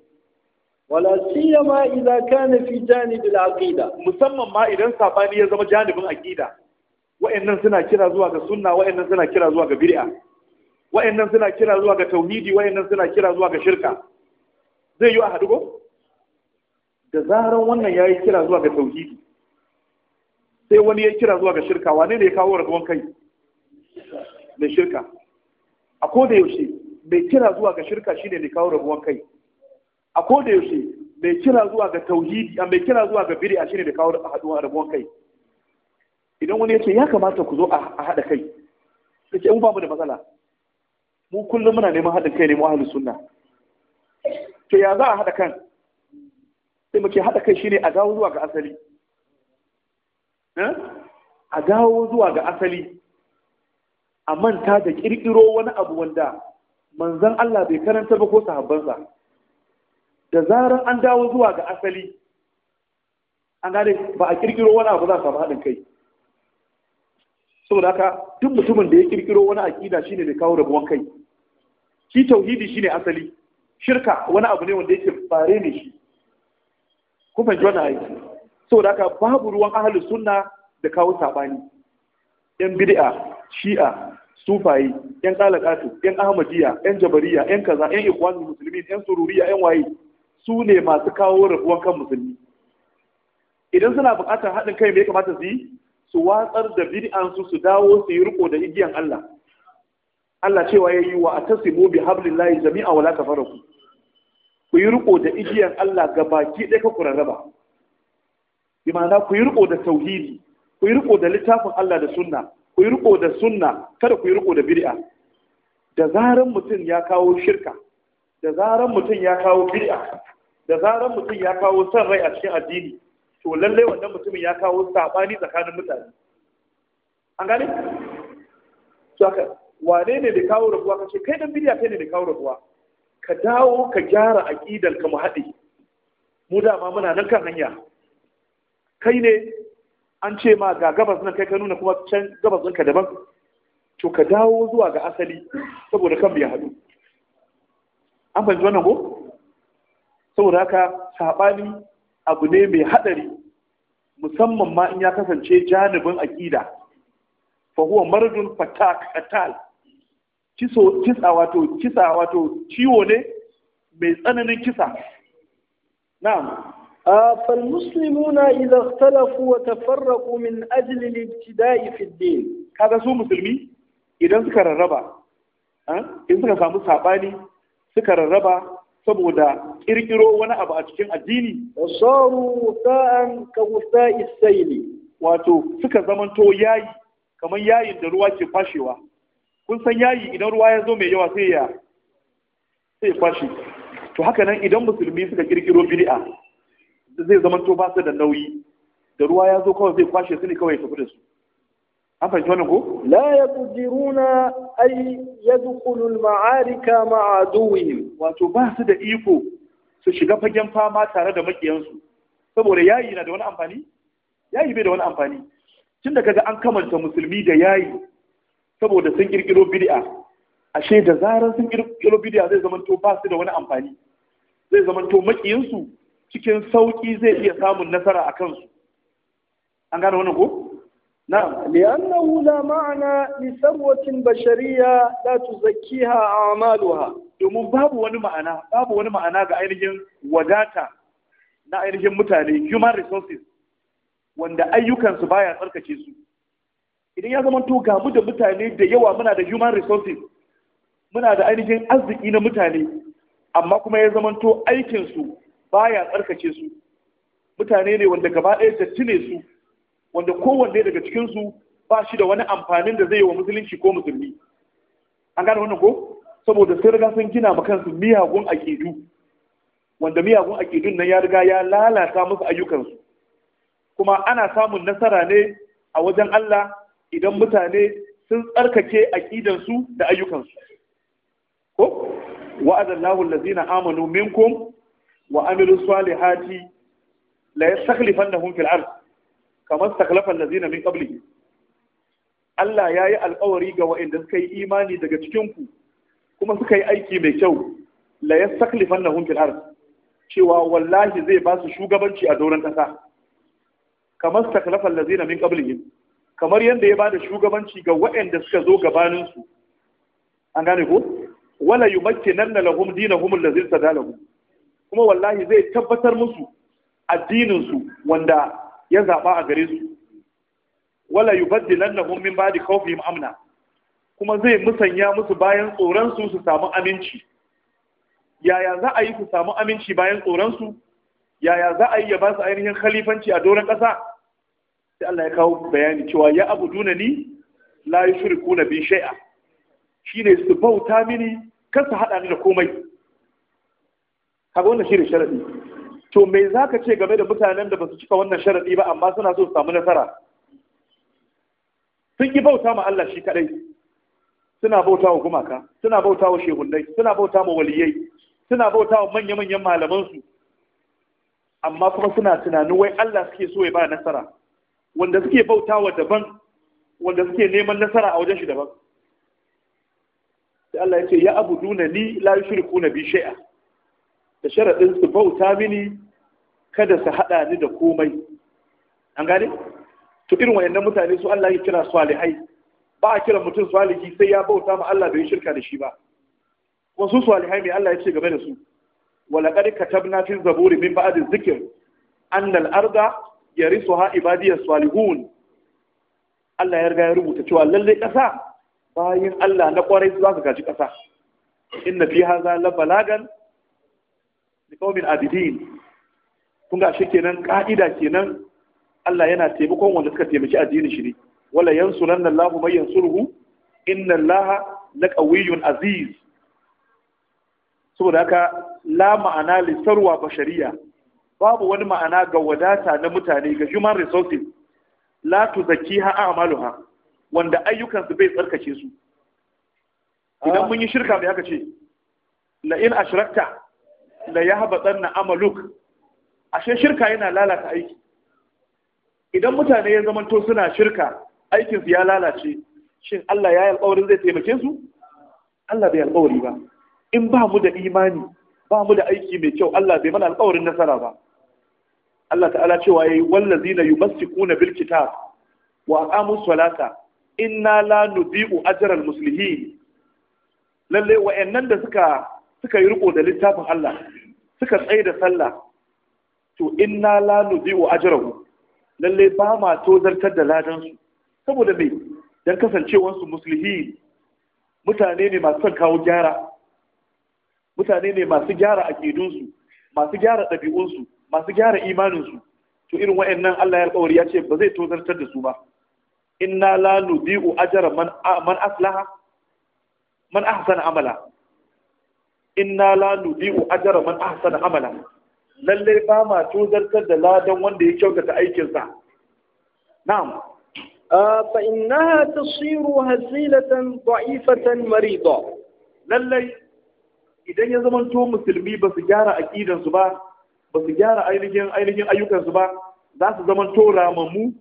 wala siyama idza kana fi al aqida musamman ma idan sabani ya zama janibin aqida wa'annan suna kira zuwa ga sunna wa'annan suna kira zuwa ga bid'a wa'annan suna kira zuwa ga tauhidi wa'annan suna kira zuwa ga shirka zai yi a haɗu da zaran wannan yayi kira zuwa ga tauhidi sai wani ya kira zuwa ga shirka wane ne ya kawo rabuwan kai mai shirka a koda yaushe mai kira zuwa ga shirka shine ne kawo rabuwan kai a ko da yaushe mai kira zuwa ga tauhidi a mai kira zuwa ga bid'a shine da kawo haɗuwa da kai idan wani yace ya kamata ku zo a haɗa kai sai mu ba mu da matsala mu kullum muna neman haɗin kai ne mu ahlus sunna to ya za a haɗa kan sai muke haɗa kai shine a dawo zuwa ga asali eh? a dawo zuwa ga asali a manta da ƙirƙiro wani abu wanda manzon Allah bai karanta ba ko sahabbansa da zarar an dawo zuwa ga asali an gane ba a kirkiro wani abu za a samu haɗin kai saboda haka duk mutumin da ya kirkiro wani aƙida shine mai kawo rabuwan kai shi tauhidi shine asali shirka wani abu ne wanda yake bare ne shi kun fahimci wannan aiki saboda haka babu ruwan ahalus sunna da kawo sabani yan bid'a shi'a sufaye- yan qalaqatu yan ahmadiyya yan jabariya yan kaza yan ikwani musulmi yan sururiya yan waye su ne masu kawo rabuwan kan musulmi idan suna buƙatar haɗin kai me ya kamata su yi su watsar da bid'ansu su dawo su yi riko da igiyan Allah Allah cewa ya yi wa atasimu bi hablillahi jami'a wala tafarraqu ku yi riko da igiyan Allah ga baki ɗaya ka kurarraba bi ma'ana ku yi riko da tauhidi ku yi riko da littafin Allah da sunna ku yi riko da sunna kada ku yi riko da bid'a da zaran mutum ya kawo shirka da zaran mutum ya kawo bid'a da zarar mutum ya kawo son rai a cikin addini to lalle wannan mutumin ya kawo sabani tsakanin mutane an gane to wane ne da kawo rabuwa kace kai dan bidiya kai ne da kawo rabuwa ka dawo ka gyara aqidar ka mu haɗe mu dama muna nan kan hanya kai ne an ce ma ga gabas nan kai ka nuna kuma can gabas ɗinka daban to ka dawo zuwa ga asali saboda kan ya haɗu an fahimci wannan ko saboda haka saɓani abu ne mai haɗari musamman ma in ya kasance janibin aƙida fa huwa mardun fatak qatal kiso kisa wato kisa wato ciwo ne mai tsananin kisa na'am fal muslimuna idza ikhtalafu wa tafarraqu min ajli al-ibtida'i fi din kaga su musulmi idan suka rarraba eh, in suka samu sabani suka rarraba saboda kirkiro wani abu a cikin addini wasaru sa'an ka wusa ne. wato suka zamanto yayi kamar yayin da ruwa ke fashewa kun san yayi idan ruwa ya zo mai yawa sai ya sai fashi to haka nan idan musulmi suka kirkiro bid'a zai zamanto ba su da nauyi da ruwa ya zo kawai zai kwashe su ne kawai ya tafi da su an fahimci wannan ko la yaqdiruna ay yadkhulu al-ma'arika ma'a aduwwihim wato ba su da iko su shiga fagen fama tare da makiyansu saboda yayi na da wani amfani yayi bai da wani amfani tun da kaga an kamanta musulmi da yayi saboda sun kirkiro bid'a ashe da zarar sun kirkiro bid'a zai zama to ba su da wani amfani zai zama to makiyansu cikin sauki zai iya samun nasara a kansu an gane wannan ko نعم لأنه لا معنى لثروة بشرية لا تزكيها أعمالها domin babu wani ma'ana babu wani ma'ana ga ainihin wadata na ainihin mutane human resources wanda ayyukansu baya tsarkake su idan ya zama to gamu da mutane da yawa muna da human resources muna da ainihin arziki na mutane amma kuma ya zama to aikinsu baya tsarkake su mutane ne wanda gaba ɗaya tattune su wanda kowanne daga cikinsu ba shi da wani amfanin da zai yi wa musulunci ko musulmi an gane wannan ko saboda sai riga sun gina ma kansu miyagun aƙidu wanda miyagun aƙidun nan ya riga ya lalata musu ayyukansu kuma ana samun nasara ne a wajen Allah idan mutane sun tsarkake aƙidansu da ayyukansu ko wa'adallahu allazina amanu minkum wa amilu salihati la yastakhlifannahum fil ardh kamar staklafan lazina min ƙabli Allah ya yi alƙawari ga wa'inda suka yi imani daga cikinku kuma suka yi aiki mai kyau la saklifan na hunkin har cewa wallahi zai ba su shugabanci a doron ƙasa kamar staklafan lazina min ƙabli kamar yadda ya ba da shugabanci ga wa'inda suka zo gabaninsu an gane ko wala yumakkinanna lahum dinahum allazi sadalahum kuma wallahi zai tabbatar musu addininsu wanda ya zaɓa a gare su wala na min ba'di khawfihim amna kuma zai musanya musu bayan tsoron su samu aminci yaya za a yi su samu aminci bayan tsoron yaya za a yi ya ba su ainihin khalifanci a doron ƙasa sai Allah ya kawo bayani cewa ya abu duna ni la bin bi shay'a shine su bauta mini kar su hada ni da komai kaga wannan shine sharaɗi to me za ka ce game da mutanen da ba su cika wannan sharaɗi ba amma suna so su samu nasara sun yi bauta ma Allah shi kaɗai suna bauta wa gumaka suna bauta wa shehunai suna bauta wa waliyai suna bauta wa manya-manyan malamansu amma kuma suna tunanin wai Allah suke so ya ba nasara wanda suke bauta wa daban wanda suke neman nasara a wajen shi daban sai Allah ya ce ya abuduna ni la yushriku na bi shay'a da sharadin su bauta mini kada su haɗa ni da komai an gane to irin wayannan mutane su Allah ya kira salihai ba a kira mutum salihi sai ya bauta ma Allah bai shirka da shi ba wasu salihai mai Allah ya ce game da su ولقد كتبنا min الزبور من بعد الذكر أن الأرض يرثها عبادي الصالحون Allah ya riga ya rubuta cewa lalle ƙasa bayan Allah na ƙwarai za ka gaji ƙasa inna fi hadha la balagan li qaumin abidin kun ga kenan ka'ida kenan Allah yana taimakon wanda suka taimaki addinin shi ne wala yansuranna Allahu may yansuruhu inna Allaha laqawiyyun aziz saboda haka la ma'ana lisarwa bashariya babu wani ma'ana ga wadata na mutane ga human resources la tuzakkiha a'maluha wanda ayyukan su bai tsarkake su idan mun yi shirka bai haka ce la in ashrakta la yahbatanna amaluk ashe shirka yana lalata aiki idan mutane ya zamanto suna shirka aikinsu ya lalace shin Allah ya yi alƙawarin zai taimake su Allah bai alƙawari ba in ba mu da imani ba mu da aiki mai kyau Allah bai mana alƙawarin nasara ba Allah ta'ala cewa yayi wallazina yumassikuna bil kitab wa aqamus salata inna la nudhi'u ajral muslimin lalle wa'annan da suka suka yi riko da littafin Allah suka tsaye da sallah to inna la nudhi'u ajrahu lalle ba ma tozartar da ladan su saboda me dan kasancewar su muslihi mutane ne masu son kawo gyara mutane ne masu gyara akidun su masu gyara ɗabi'un su masu gyara imanin su to irin wayannan Allah ya alƙawari ya ce ba zai tozartar da su ba inna la nudhi'u ajra man man aslaha man ahsana amala inna la nudi'u ajra man ahsana amala lallai ba ma tozartar da ladan wanda ya kyautata aikinsa na'am fa innaha tasiru hasilatan da'ifatan marida lallai idan ya zama to musulmi ba su gyara aqidan ba ba su gyara ainihin ainihin ayyukan ba za su zama to ramamu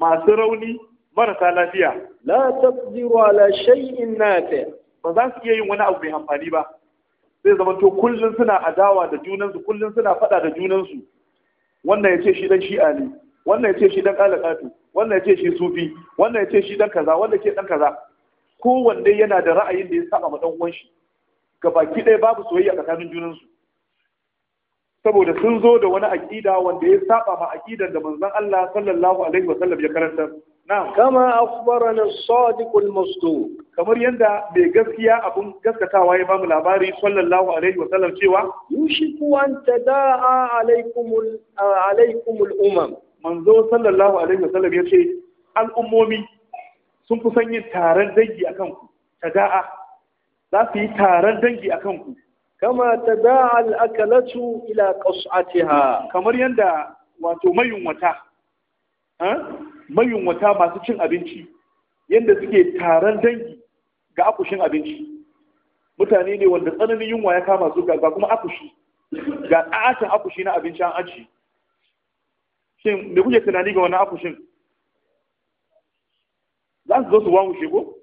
masu rauni marasa lafiya la taqdiru ala shay'in nafi ba za su iya yin wani abu mai amfani ba zai zama to kullum suna adawa da junansu kullum suna faɗa da junansu wannan ya ce shi dan shi'a ne wannan ya ce shi dan ƙalaƙatu wannan ya ce shi sufi wannan ya ce shi dan kaza wannan ce dan kaza kowanne yana da ra'ayin da ya saba ma dan uwan shi baki ɗaya babu soyayya tsakanin junansu saboda sun zo da wani aƙida wanda ya saba ma aƙidan da manzon Allah sallallahu alaihi wasallam ya karanta kama akhbarana as-sadiq al-masduq kamar yadda mai gaskiya abun gaskatawa ya bamu labari sallallahu alaihi wa sallam cewa yushiku an tadaa alaikum alaikum al-umam manzo sallallahu alaihi wa sallam yace al'ummomi sun kusan yin taron dangi akan ku tadaa za su yi taron dangi akan ku kama tadaa al-akalatu ila qas'atiha kamar yadda wato mayunwata mayunwata masu cin abinci yadda suke taron dangi ga akushin abinci mutane ne wanda tsananin yunwa ya kama su ga kuma akushi ga ɗacin akushi na abinci an aji shin me kuke tunani ga wannan akushin za su zo su wawushe ko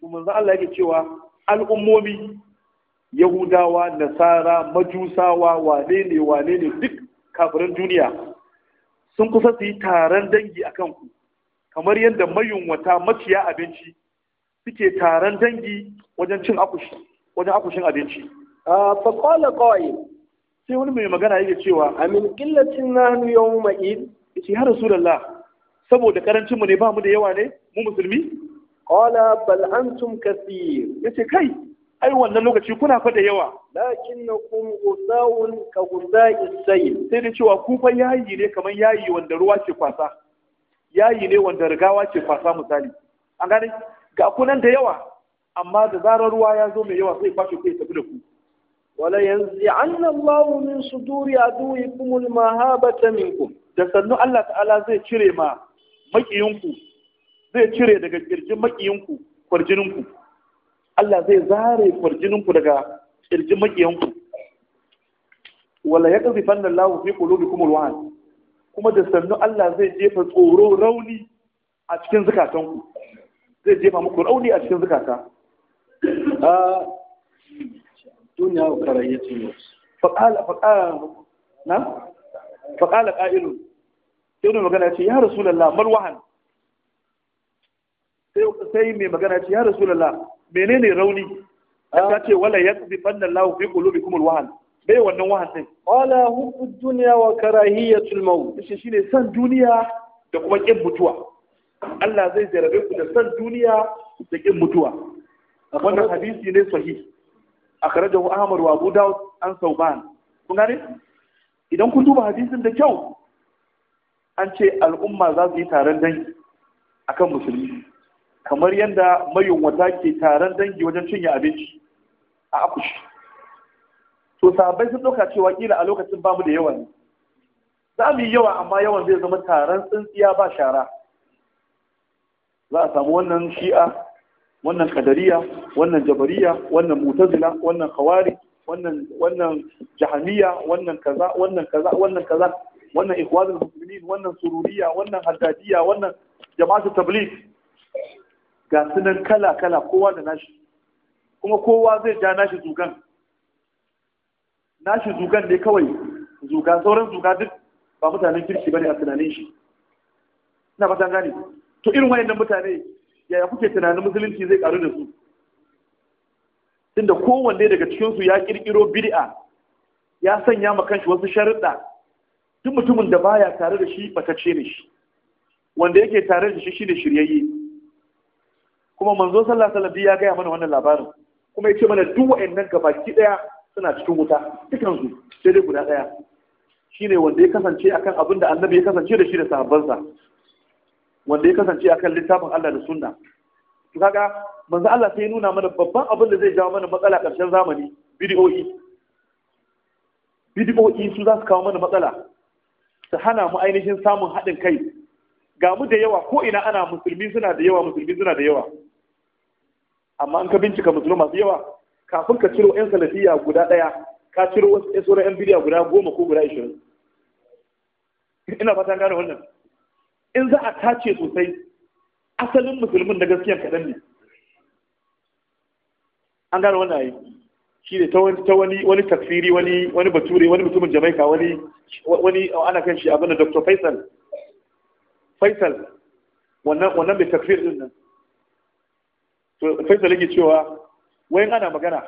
kuma za Allah yake cewa al'ummomi yahudawa nasara majusawa wane ne wane ne duk kafirin duniya sun kusa su yi taron dangi a kanku kamar yadda mayunwata maciya abinci suke taron dangi wajen cin akushi wajen akushin abinci ah, A qala sai wani mai magana yake cewa amin qillatin nahnu yawma id yace ya lalla? saboda karancin mu ne ba mu da yawa ne mu musulmi qala bal'antun kasi Ya yace kai ai wannan lokaci kuna fa da yawa lakin na kun gusawun ka gusa isayi sai da cewa ku fa yayi ne kamar yayi wanda ruwa ke kwasa yayi ne wanda rigawa ke kwasa misali an gane ga kunan da yawa amma da zarar ruwa ya zo mai yawa sai kwashe ku tafi da ku wala yanzu anna Allah min suduri aduwikum almahabata minkum da sannu Allah ta'ala zai cire ma makiyinku zai cire daga kirjin makiyinku kwarjininku Allah zai zare kwarjininku daga ƙirjin makiyanku wala ya ƙazi fannin lahu fi ƙulubi kuma ruwan kuma da sannu Allah zai jefa tsoro rauni a cikin zukatanku zai jefa muku rauni a cikin zukata ah, duniya wa karayyacin na? faƙala ƙa'ilun sai wani magana ce ya rasulallah marwahan sai mai magana ce ya rasulallah menene rauni ta ah. ce wala yakzibanna Allahu fi kuma wahan bai wannan wahan sai Wala hubbu dunya wa karahiyatul maut shi shine san duniya da kuma kin mutuwa Allah zai jarabe ku da san duniya da kin mutuwa wannan hadisi ne sahih akhrajahu Ahmad wa Abu Dawud an Sauban kun gane idan kun duba hadisin da kyau an ce al'umma za su yi taron dangi akan musulmi kamar yadda mayunwata ke taron dangi wajen cinye abinci a akushi to sabai sun ɗauka cewa kila a lokacin bamu da yawan. ne za mu yi yawa amma yawan zai zama taron tsintsiya ba shara za a samu wannan shi'a wannan kadariya wannan jabariya wannan mutazila wannan khawari wannan wannan jahamiya wannan kaza wannan kaza wannan kaza wannan ikhwanul muslimin wannan sururiya wannan haddadiya wannan jama'atul tabligh ga sunan kala kala kowa da nashi kuma kowa zai ja nashi zugan nashi zugan ne kawai zuga sauran zuga duk ba mutanen kirki bane a tunanin shi ina fatan gane to irin wayannan mutane yaya kuke tunanin musulunci zai karu da su tunda kowanne daga cikinsu ya kirkiro bid'a ya sanya ma kanshi wasu sharuɗa duk mutumin da baya tare da shi bakacce ne shi wanda yake tare da shi shine shiryayye kuma manzo sallallahu alaihi wasallam ya gaya mana wannan labarin kuma ya ce mana duk wa'annan ki daya suna cikin wuta dukansu sai dai guda daya shine wanda ya kasance akan abin da annabi ya kasance da shi da sahabbansa wanda ya kasance akan littafin Allah da sunna to kaga manzo Allah sai ya nuna mana babban abin da zai jawo mana matsala karshen zamani bid'o'i bid'o'i su za su kawo mana matsala su hana mu ainihin samun haɗin kai ga mu da yawa ko ina ana musulmi suna da yawa musulmi suna da yawa amma an ka bincika musulun masu yawa kafin ka ciro yan salafiya guda ɗaya ka ciro wasu sauran yan bidiyar guda goma ko guda ishirin ina fata gane wannan in za a tace sosai asalin musulmin da gaskiyar kaɗan ne an gane wannan yi shi ne ta wani wani tafsiri wani wani bature wani mutumin jamaika wani wani ana kan shi abin da dr faisal faisal wannan wannan mai tafsir din nan to faisal yake cewa wai ana magana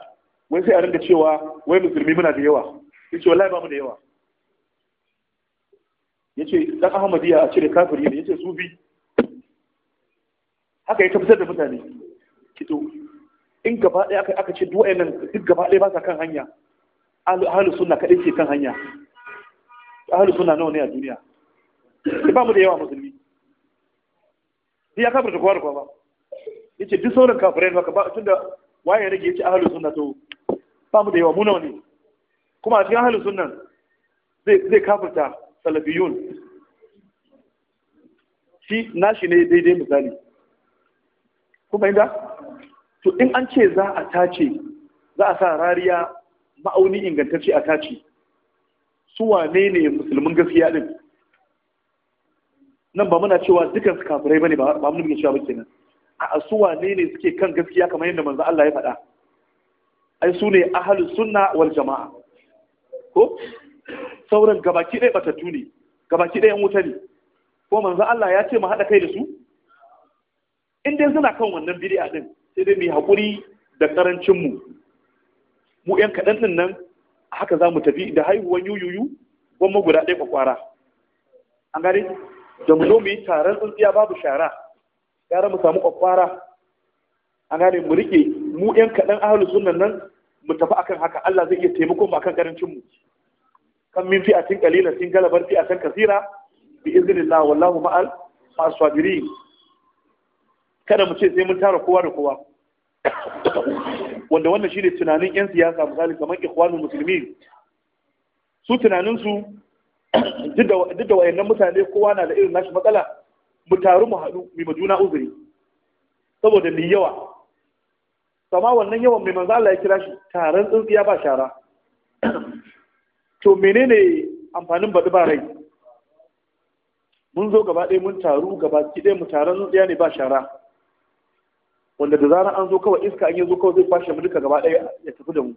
wai sai a rinka cewa wai musulmi muna da yawa yace wallahi ba mu da yawa yace dan ahmadiyya a cire kafiri ne yace sufi haka ya tabbatar da mutane kito in gaba ɗaya aka ce duk wayannan duk gaba ɗaya ba sa kan hanya ahlus sunna kaɗai ke kan hanya ahlus sunna nawa ne a duniya ba mu da yawa musulmi ya kafirta kowa da kowa ba yace duk sauran kafirai ne ba tunda waye rage yace ahlus sunna to ba mu da yawa mu nawa ne kuma a cikin ahlus sunna zai zai kafirta salafiyun shi nashi ne daidai misali kuma inda to in an ce za a tace za a sa rariya ma'auni ingantacce a tace su wane ne musulmin gaskiya din nan ba muna cewa dukkan kafirai bane ba mu nuna cewa ba kenan a su wane ne suke kan gaskiya kamar yadda manzo Allah ya faɗa ai su ne ahlus sunna wal jama'a ko sauran gabaki ɗaya batattu ne gabaki ɗaya wuta ne ko manzo Allah ya ce mu haɗa kai da su in dai suna kan wannan bid'a din sai dai mu haƙuri da karancin mu mu kaɗan din nan haka za mu tafi da haihuwan yuyuyu gwamma guda ɗaya kwakwara an gane da mu zo mu yi taron tsuntsiya babu shara gara mu samu kwakwara a gane mu rike mu yan kaɗan ahalus sunan nan mu tafi akan haka Allah zai iya taimako mu akan karancin mu kan min fi'atin qalila sin galabar fi'atan kasira bi iznillah wallahu ma'al as-sabirin kada mu ce sai mun tara kowa da kowa wanda wannan shine tunanin yan siyasa misali kamar ikhwanul muslimin su tunaninsu duk da wayannan mutane kowa na da irin nashi matsala mu taru mu haɗu mu juna uzuri saboda mu yawa sama wannan yawan mai manzo Allah ya kira shi taron tsintsiya ba shara [clears throat] to menene amfanin baɗi ba rai mun zo gaba ɗaya mun taru gaba ki ɗaya mu taron tsintsiya ne ba shara wanda da zarar an zo kawai iska an yi zo kawai zai kwashe mu duka gaba ɗaya ya tafi da mu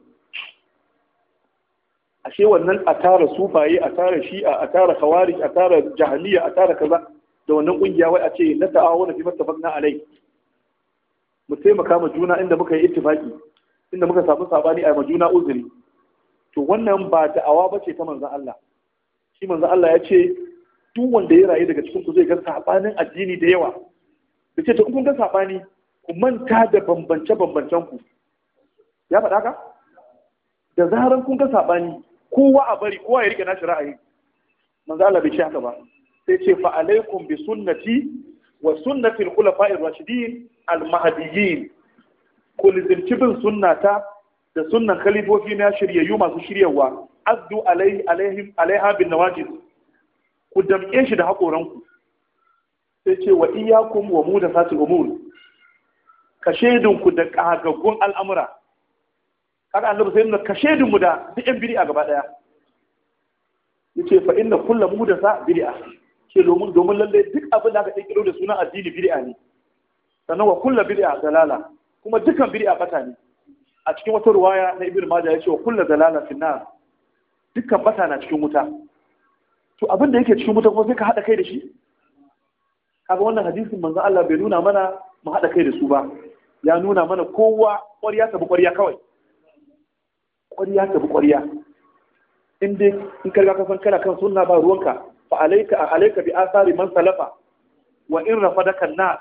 ashe wannan a tara sufaye a tara shi'a a tara khawarij a tara jahiliya a tara kaza da wannan kungiya wai a ce na ta'awuna fi mattafaqna alai mu taimaka ma juna inda muka yi ittifaki inda muka samu sabani a juna uzuri to wannan ba da'awa ba ce ta manzan Allah shi manzan Allah ya ce duk wanda ya rayu daga cikin ku zai ga sabanin addini da yawa da ce to kun ga sabani ku manta da bambance bambancen ku ya faɗa ka da zaran kun ga sabani kowa a bari kowa ya rike nashi ra'ayi manzan Allah bai ce haka ba sai ce fa alaikum bi sunnati wa sunnati al ar rashidin al-mahdiyyin ku bin sunnata da sunnan khalifofi na shiryayyu masu shiryawa addu alai alaihim alaiha bin nawajid ku damƙe shi da haƙoranku sai ce wa iyyakum wa mu da fasil umur ka shaidinku da ƙagaggun al'amura kada annabi sai nuna ka shaidinmu da duk yan bid'a gaba ɗaya yace fa inna kullu mudasa bid'a ce domin domin lalle duk abin da aka kirkiro da suna addini bid'a ne sannan wa kullu bid'a dalala kuma dukkan bid'a bata ne a cikin wata ruwaya na ibnu majah yace wa kullu dalala fi nar dukkan bata na cikin wuta to abin da yake cikin wuta kuma sai ka hada kai da shi kaga wannan hadisin manzan Allah bai nuna mana mu hada kai da su ba ya nuna mana kowa ta bi ƙwarya kawai ta bi ƙwarya in dai in karga ka san kana kan sunna ba ruwanka fa alayka alayka bi asari man salafa wa in rafadaka an-nas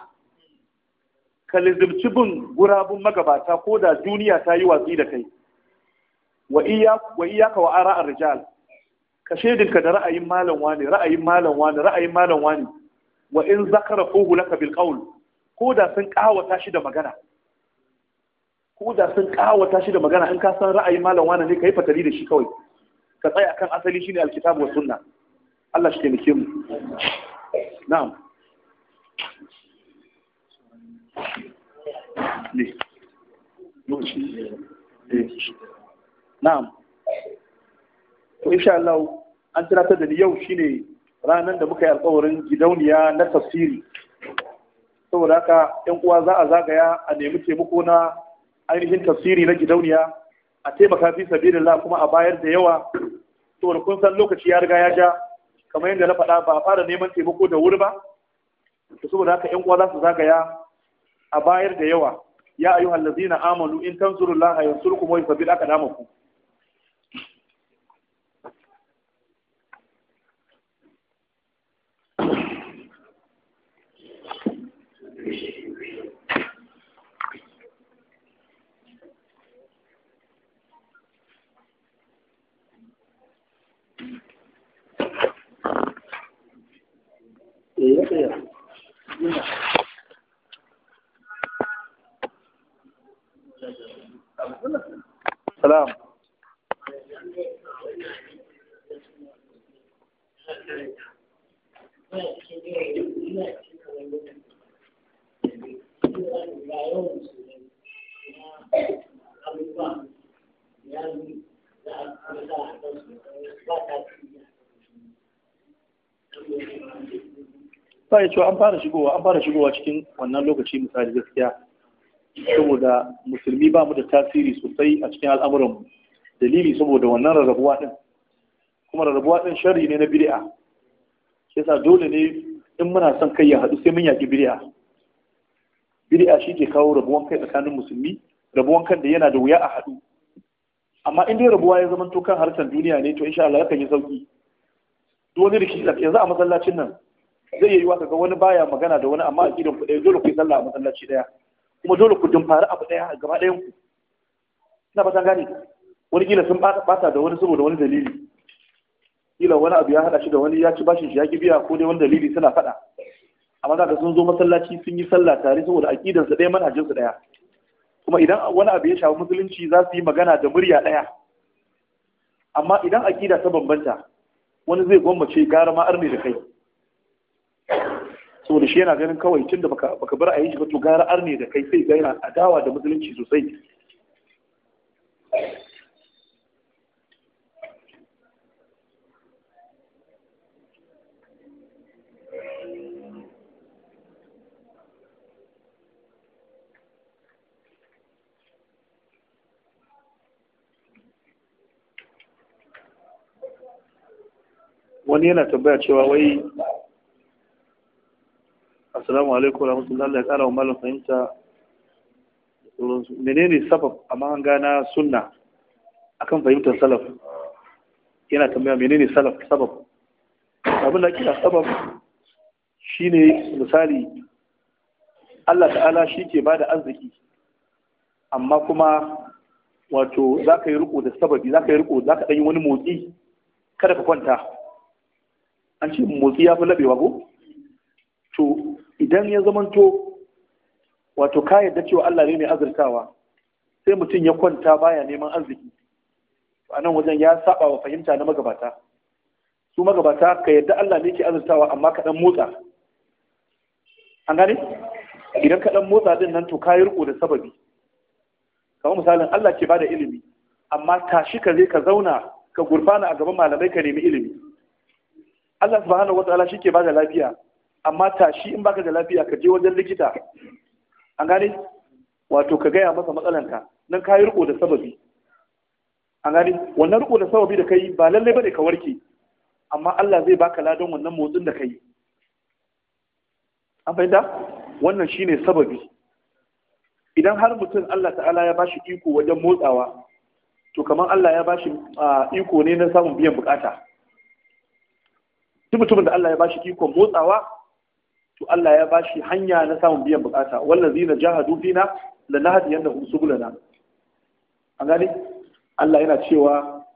ka lizimci bin gurabun magabata ko da duniya ta yi watsi da kai wa iya wa ara rijal ka shedinka da ra'ayin malam wani ra'ayin malam wani ra'ayin malam wani wa in zakara fuhu laka bil qawl ko da sun kawata shi da magana ko da sun kawata shi da magana in ka san ra'ayin malam wani ne kai fatali da shi kawai ka tsaya kan asali shine alkitabu was sunna Allah shi taimake mu na'am ne eh. na'am to insha Allah an tunatar da ni yau shine ranar da muka yi alkawarin gidauniya na tafsiri saboda haka yan uwa za a zagaya a nemi taimako na ainihin tafsiri na gidauniya a taimaka fi sabilillah kuma a bayar da yawa saboda kun san lokaci ya riga ya ja kamar yadda na faɗa ba a fara neman taimako da wuri ba to saboda haka yan uwa za su zagaya a bayar da yawa ya ayu na amanu in tanzurullaha yansurkum wa yuthabbit aqdamakum Thank you. eh tsaya salam sai ya ce an fara shigowa an fara shigowa cikin wannan lokaci misali gaskiya saboda musulmi ba mu da tasiri sosai a cikin mu. dalili saboda wannan rarrabuwa din kuma rarrabuwa din shari ne na bid'a shi yasa dole ne in muna son kai ya haɗu sai mun yaki bid'a bid'a shi ke kawo rabuwan kai tsakanin musulmi rabuwan kan da yana da wuya a haɗu amma in dai rabuwa ya zama to kan harkar duniya ne to insha Allah kan yi sauki duk wani rikici yanzu a masallacin nan zai yi yiwa ga wani baya magana da wani amma aqidan ku ɗaya dole ku yi sallah a masallaci ɗaya kuma dole ku dumfari abu ɗaya gaba ɗayan ku ina ta gane wani kila sun bata da wani saboda wani dalili kila wani abu ya haɗa shi da wani ya ci bashin shi ya biya ko dai wani dalili suna faɗa amma za ka sun zo masallaci sun yi sallah tare saboda aqidan su ɗaya manhajin su ɗaya kuma idan wani abu ya shafi musulunci za su yi magana da murya ɗaya amma idan aqida ta bambanta wani zai gwammace gara ma ne da kai saboda shi yana ganin kawai tun da baka bar a yi shi ba to gara ne da kai sai ga yana adawa da musulunci sosai wani yana tambaya cewa wai assalamu alaikum wa rahmatullahi wa kara wa malam fahimta menene sabab a mahanga na sunna akan fahimtar salaf yana tambaya menene salaf sabab abin da kira sabab shine misali Allah ta'ala shi ke bada arziki amma kuma wato za ka yi riko da sababi za ka yi riko za ka ɗanyi wani motsi kada ka kwanta an ce motsi ya fi labewa ko to idan ya zamanto wato ka yarda cewa Allah ne mai azurtawa sai mutum ya kwanta baya neman arziki a nan wajen ya saba wa fahimta na magabata su magabata ka yarda Allah ne ke azurtawa amma ka dan motsa an gane idan ka dan motsa din nan to ka yi riko da sababi kamar misalin Allah ke bada ilimi amma tashi ka je ka zauna ka gurfana a gaban malamai ka nemi ilimi Allah subhanahu wataala shi ke bada lafiya amma tashi in baka da lafiya ka je wajen likita an gane wato ka gaya masa matsalanka nan ka yi riko da sababi an gane wannan riko da sababi da kai ba lallai bane ka warke amma Allah zai baka ladan wannan motsin da kai an fahimta wannan shine sababi idan har mutum Allah ta'ala ya bashi iko wajen motsawa to kamar Allah ya bashi iko ne na samun biyan bukata duk mutumin da Allah ya bashi ikon motsawa to Allah ya bashi hanya na samun biyan bukata wallazina jahadu fina lanahdiyannahum subulana an gani Allah yana cewa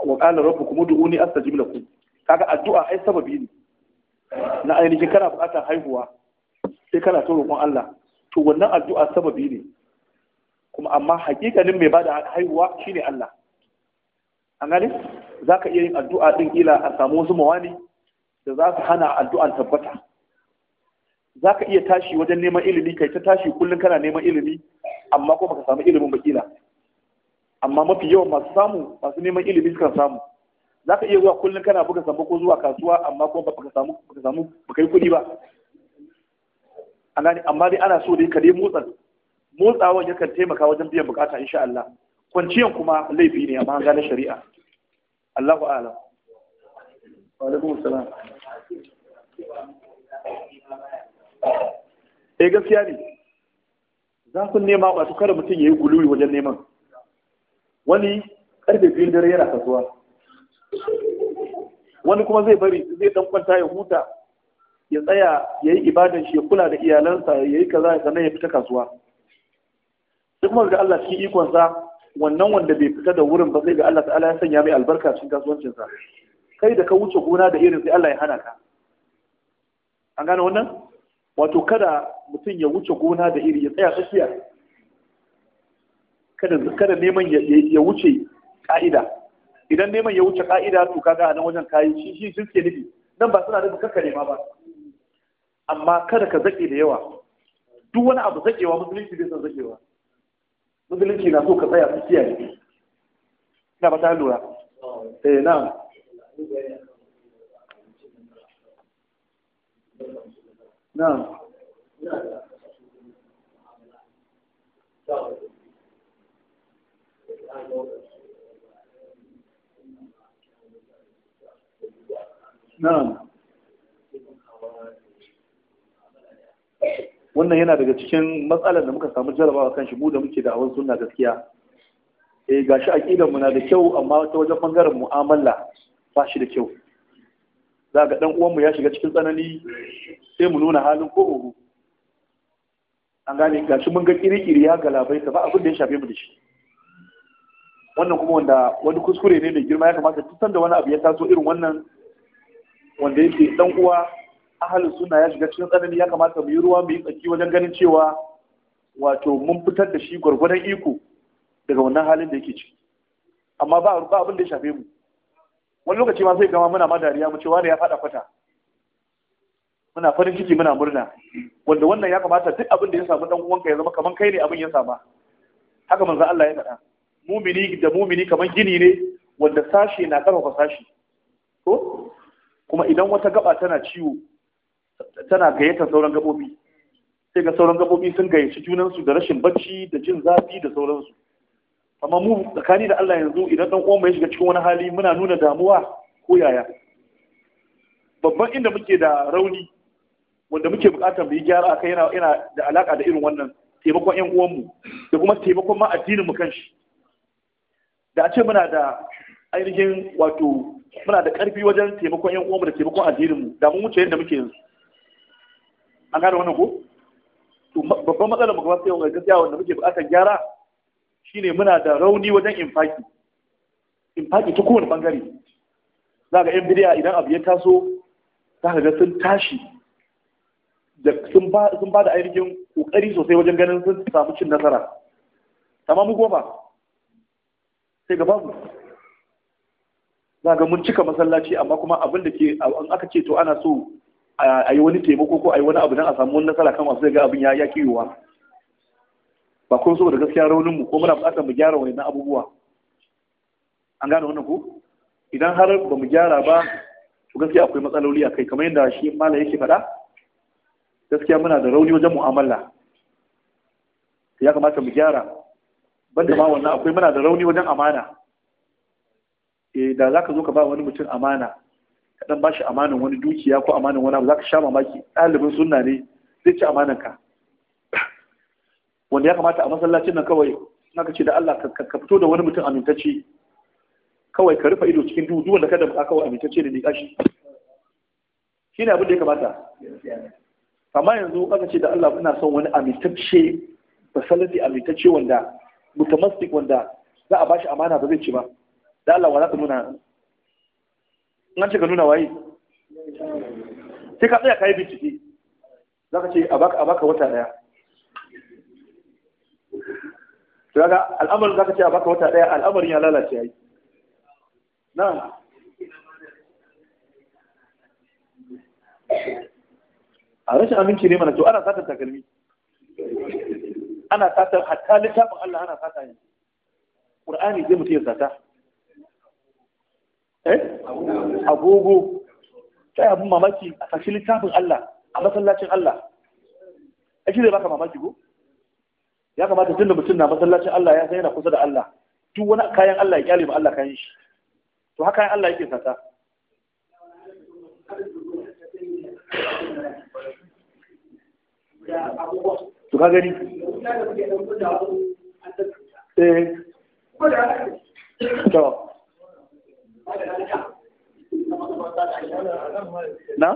wa qala rabbukum ud'uni astajib lakum kaga addu'a ai sababi ne na ainihin kana bukatar haihuwa sai kana ta roƙon Allah to wannan addu'a sababi ne kuma amma hakikanin mai bada haihuwa shine Allah an gani za ka iya yin addu'a ɗin ila a samu wasu mawani da za su hana addu'an tabbata za ka iya tashi wajen neman ilimi kai ta tashi kullum kana neman ilimi amma ko baka samu ilimin bakila amma mafi yawan masu samu masu neman ilimi suka samu za ka iya zuwa kullum kana buga sambo ko zuwa kasuwa amma ko baka samu baka samu baka yi kuɗi ba amma dai ana so dai ka dai motsa motsawan yakan taimaka wajen biyan bukata insha Allah kwanciyan kuma laifi ne amma ga na shari'a Allahu a'lam wa alaikumus salam eh gaskiya ne zafin nema ba su kada mutum ya yi guluwi wajen neman wani karfe biyun dare yana kasuwa wani kuma zai bari zai dan kwanta ya huta ya tsaya ya yi ibadan shi ya kula da iyalansa ya yi kaza sannan ya fita kasuwa duk kuma ga Allah cikin ikonsa wannan wanda bai fita da wurin ba sai ga Allah ta'ala ya sanya mai albarka cikin kasuwancinsa kai da ka wuce gona da irin sai Allah ya hana ka an gane wannan wato kada mutum ya wuce gona da iri ya tsaya tsakiya kada neman ya wuce ka'ida idan neman ya wuce ka'ida to kaga a nan wajen kayi shi shi sun ke nufi nan ba suna da kakka nema ba amma kada ka zaƙe da yawa duk wani abu zaƙewa musulunci bai san zaƙewa musulunci na so ka tsaya tsakiya ne ina ba ta lura eh na Nan, wannan yana daga cikin matsalar da muka samu jarabawa kan shi mu da muke da awon suna gaskiya eh gashi aqidan mu na da kyau amma ta wajen bangaren mu'amala ba shi da kyau za ga dan uwanmu ya shiga cikin tsanani sai mu nuna halin ko oho an gane gashi mun ga kirikiri ya galabai ta ba abin da ya shafe mu da shi wannan kuma wanda wani kuskure ne mai girma ya kamata duk sanda wani abu ya taso irin wannan wanda yake dan uwa ahalin suna ya shiga cikin tsanani ya kamata mu yi ruwa mu yi tsaki wajen ganin cewa wato mun fitar da shi gwargwadon iko daga wannan halin da yake ciki amma ba abin da ya shafe mu wani lokaci ma sai gama muna ma dariya mu ce wani ya fada kwata muna farin ciki muna murna wanda wannan ya kamata duk abin da ya samu dan uwanka ya zama kaman kai ne abin ya sama haka manzo Allah ya faɗa mumini da mumini kaman gini ne wanda sashi na karfafa sashi ko kuma idan wata gaba tana ciwo tana gayyatar sauran gabobi sai ga sauran gabobi sun gayyaci junansu da rashin bacci da jin zafi da sauransu amma mu tsakani da Allah yanzu idan dan uwan ya shiga cikin wani hali muna nuna damuwa ko yaya babban inda muke da rauni wanda muke bukatar mu yi gyara akai yana yana da alaka da irin wannan taimakon ƴan mu, da kuma taimakon ma addinin mu kanshi da a ce muna da ainihin wato muna da ƙarfi wajen taimakon ƴan mu da taimakon addinin mu da mun wuce yadda muke yanzu an gane wannan ko to babban matsalar mu gaba sai wanda gaskiya wanda muke bukatar gyara shine muna da rauni wajen infaki infaki ta kowane bangare za ga yan idan abu ya taso za ka ga sun tashi da sun ba da ainihin kokari sosai wajen ganin sun samu cin nasara amma mu goma sai ga babu za ga mun cika masallaci amma kuma abin da ke an aka ce to ana so a yi wani taimako ko a yi wani abu don a samu nasara kan wasu ga abin ya yiwuwa. ba kuma saboda gaskiya raunin mu ko muna buƙatar mu gyara wani abubuwa an gane wannan ku idan har ba mu gyara ba to gaskiya akwai matsaloli a kai kamar yadda shi mala yake faɗa gaskiya muna da rauni wajen mu'amala ya kamata mu gyara banda ma wannan akwai muna da rauni wajen amana eh da za ka zo ka ba wani mutum amana ka dan bashi amanan wani dukiya ko amanan wani abu za ka sha mamaki ɗalibin sunna ne zai ci amanan ka wanda ya kamata a masallacin nan kawai naka ce da Allah ka fito da wani mutum amintacce kawai ka rufe ido cikin duhu wanda kada ka kawai amintacce da nika shi shine abin da ya kamata amma yanzu aka ce da Allah ina son wani amintacce basalati amintacce wanda mutamastik wanda za a bashi amana ba zai ci ba da Allah wa za ka nuna an ce ka nuna waye sai ka tsaya ka yi bincike za ka ce a baka wata daya to kaga al'amarin zaka ce a baka wata daya al'amarin ya lalace yayi na'am a rashin aminci ne mana to ana satar takalmi ana satar hatta littafin Allah ana sata ne Qur'ani zai mutu ya sata eh agogo ta abun mamaki a sashi littafin Allah a masallacin Allah ake zai baka mamaki ko ya kamata tunda mutum na masallacin Allah ya san yana kusa da Allah duk wani kayan Allah ya kyale ba Allah kayan shi to haka kayan Allah yake sata to ka gani eh to na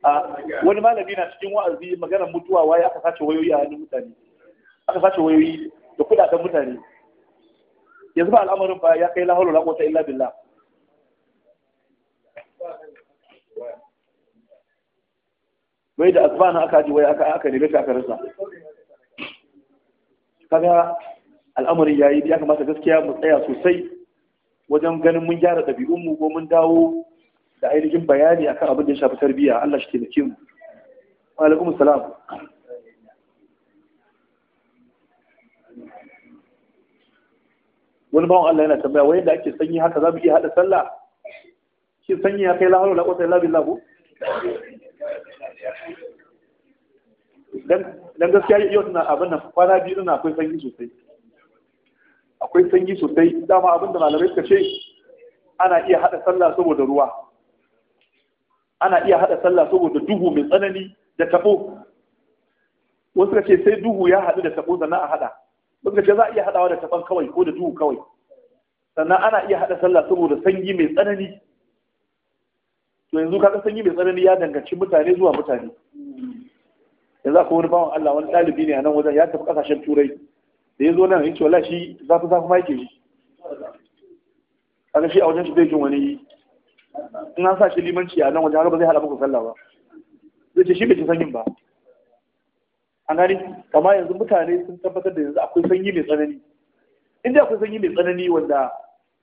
ah, wani malami na cikin wa'azi maganar mutuwa waye aka sace wayoyi a hannun mutane aka sace wayoyi da kudaden mutane yanzu ba al'amarin ba ya kai lahoro na quwwata illa billah wai da asbana aka ji wai aka aka nemi aka rasa kaga al'amarin yayi ya kamata gaskiya mu tsaya sosai wajen ganin mun gyara ɗabi'unmu ko mun dawo da ainihin bayani akan abin da ya shafi tarbiyya Allah shi taimake mu wa alaikum wani bawan Allah yana tambaya wai da ake sanyi haka za mu iya haɗa sallah shi sanyi ya kai lahalo la kwata labin ko? dan gaskiya yau na abin nan kwana biyu na akwai sanyi sosai akwai sanyi sosai dama abin da malamai suka ce ana iya haɗa sallah saboda ruwa ana iya haɗa sallah saboda duhu mai tsanani da taɓo wasu ka ce sai duhu ya haɗu da taɓo sannan a haɗa muka ce za a iya haɗawa da taban kawai ko da duhu kawai sannan ana iya haɗa sallah saboda sanyi mai tsanani to yanzu kaga sanyi mai tsanani ya danganci mutane zuwa mutane yanzu akwai wani bawan Allah wani ɗalibi ne a nan wajen ya tafi ƙasashen turai da ya zo nan ya ce wala shi zafi zafi ma yake yi kaga shi a wajen shi zai jin wani in an sa shi limanci a nan wajen haka ba zai haɗa muku sallah ba zai ce shi bai ci sanyin ba an gani kama yanzu mutane sun tabbatar da yanzu akwai sanyi mai tsanani in akwai sanyi mai tsanani wanda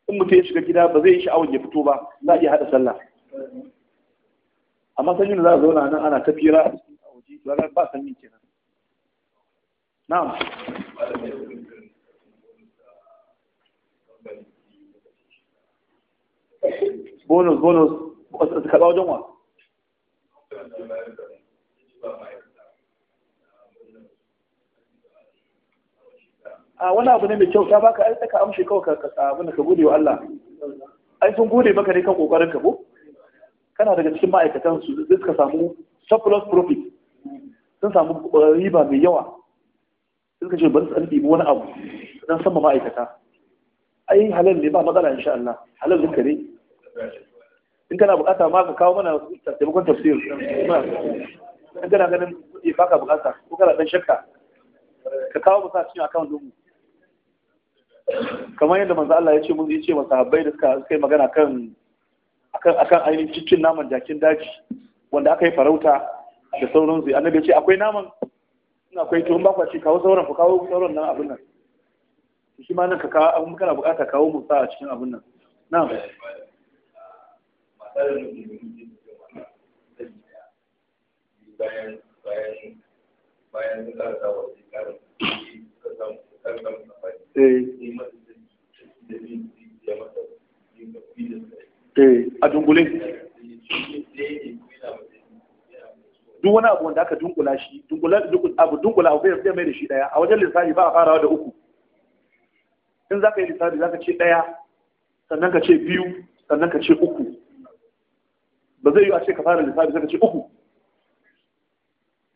in mutum ya shiga gida ba zai yi sha'awar ya fito ba za a iya haɗa sallah amma sanyi da za a zauna nan ana tafira a cikin awaji waje to ranar ba sanyi kenan na'am bonus bonus ka wajen wa a wani abu ne mai kyau ta baka ai tsaka amshi kawai ka na, ka gode wa Allah ai sun gode maka ne kan kokarin ka ko kana daga cikin ma'aikatan su suka samu surplus profit sun samu eh, riba mai yawa Sun ce ban san dibi wani abu dan san ma'aikata ai halal ne ba matsala insha Allah halal duka ne in kana bukata ma ka kawo mana taimakon tafsir in kana ganin kuɗi baka bukata ko kana dan shakka ka kawo mu sa cikin akawun dubu kamar yadda manzo Allah ya ce mun ce masa habbai da suka kai magana kan akan akan ainihin cikin naman jakin daji wanda aka yi farauta da sauransu annabi ya ce akwai naman ina akwai to ba kawo sauran ku kawo sauran nan abin nan shi ma nan ka kawo abin kana bukata kawo musa a cikin abin nan na'am bayan bayan bayan da ka samu Eh. a dunkule duk wani abu wanda aka dunkula shi abu dunkula abu bai mai da shi daya a wajen lissafi ba a farawa da uku in za ka yi lissafi za ka ce daya sannan ka ce biyu sannan ka ce uku ba zai yi a ce ka fara lissafi sai ka ce uku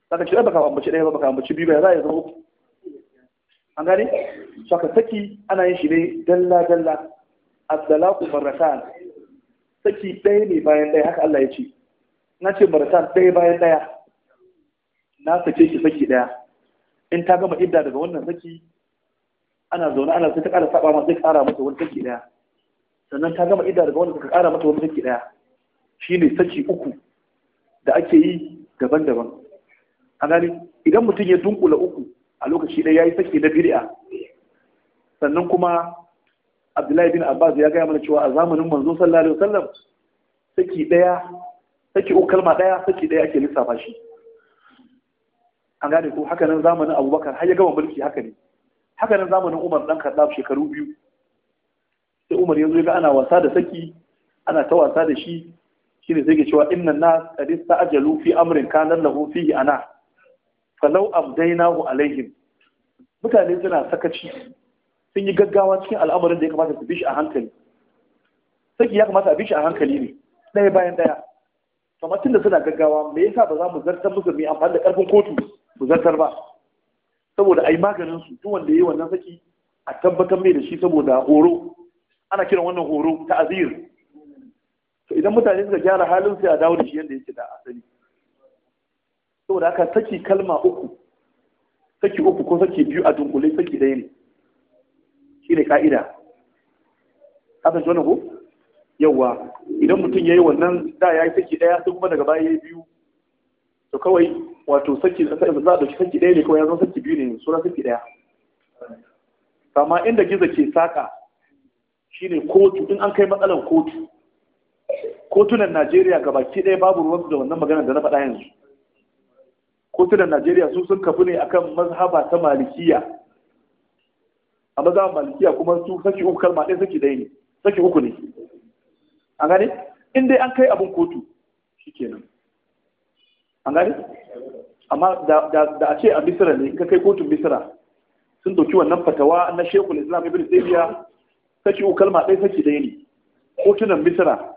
za ka ce ɗaya baka ambaci ɗaya ba baka ambaci biyu ba ya za a zama uku an gane saka saki ana yin shi ne dalla dalla as-salaqu saki ɗaya ne bayan ɗaya haka Allah ya ce na ce marratan ɗaya bayan ɗaya na sake shi saki ɗaya in ta gama idda daga wannan saki ana zaune ana sai ta ƙara saba ma sai ƙara mata wani saki ɗaya sannan ta gama idda daga wannan ka ƙara mata wani saki ɗaya shine saki uku da ake yi daban-daban a gani idan mutum ya dunkula uku a lokaci ɗaya ya yi saki na bid'a sannan kuma abdullahi bin abbas ya gaya mana cewa a zamanin manzo sallallahu alaihi wasallam saki ɗaya saki uku kalma ɗaya saki ɗaya ake lissafa shi an gane ko haka nan zamanin abubakar har ya gama mulki haka ne haka nan zamanin umar dan kaddaf shekaru biyu sai umar yanzu ya ga ana wasa da saki ana ta wasa da shi shine sai ke cewa innan nas qad ajalu, fi amrin kana lahu fihi ana falau abdainahu alaihim mutane suna sakaci sun yi gaggawa cikin al'amarin da ya kamata su bi shi a hankali saki ya kamata a bishi a hankali ne ɗaya bayan ɗaya kamar da suna gaggawa me yasa ba za mu zartar musu mai amfani da ƙarfin kotu mu zartar ba saboda ai maganin su duk wanda yayi wannan saki a tabbatar mai da shi saboda horo ana kiran wannan horo ta'azir to idan mutane suka gyara halin sai a dawo da shi yadda yake da asali saboda haka saki kalma uku saki uku ko saki biyu a dunkule saki ɗaya ne shi ne ka'ida haka shi wani ku yawa idan mutum ya yi wannan da ya yi saki ɗaya sai kuma daga baya ya yi biyu to kawai wato saki za a ɗauki saki ɗaya ne kawai ya zo saki biyu ne suna saki ɗaya amma inda gizo ke saka shine kotu in an kai matsalar kotu kotunan najeriya ga baki ɗaya babu ruwansu da wannan maganar da na faɗa yanzu kotunan Najeriya su sun kafu ne akan mazhaba ta malikiya a mazhaba malikiya kuma su saki uku kalma ɗaya saki ɗaya ne saki uku ne an gane in dai an kai abin kotu kenan an gane amma da a ce a misira ne in ka kai kotun misira sun ɗauki wannan fatawa na shekul islam ibn taymiya saki uku kalma ɗaya saki ɗaya ne kotunan misira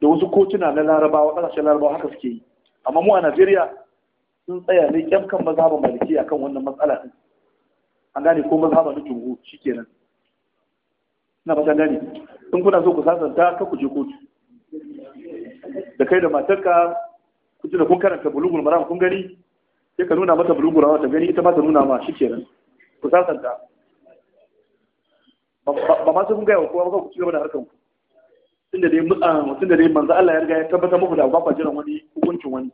da wasu kotuna na larabawa ƙasashen larabawa haka suke yi amma mu a najeriya sun tsaya ne kyamkan mazhaban maliki akan wannan matsala ɗin an gane ko mazhaban na shi kenan. ina ba gane in kuna so ku sasanta ka ku je kotu da kai da matarka ku ji da kun karanta bulugul maram kun gani sai ka nuna mata bulugul maram ta gani ita ma ta nuna ma shi kenan. ku sasanta ba ma kun gaya wa kowa ba ku ci gaba da harkan ku tunda dai mutum ah, da dai manzo Allah ya riga ya tabbatar muku da ba ku jiran wani hukuncin wani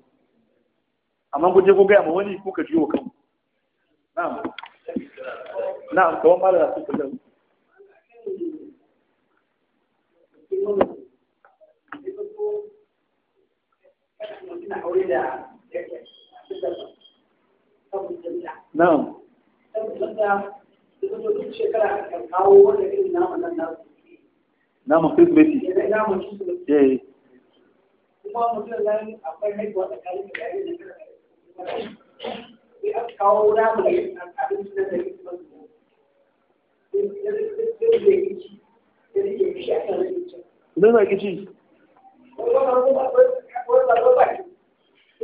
amma kun je kun gaya ma wani kuka jiwo kan na'am na'am kawan da su kullum Na'am. Na mafi Eh. Kuma mutum akwai sai kawo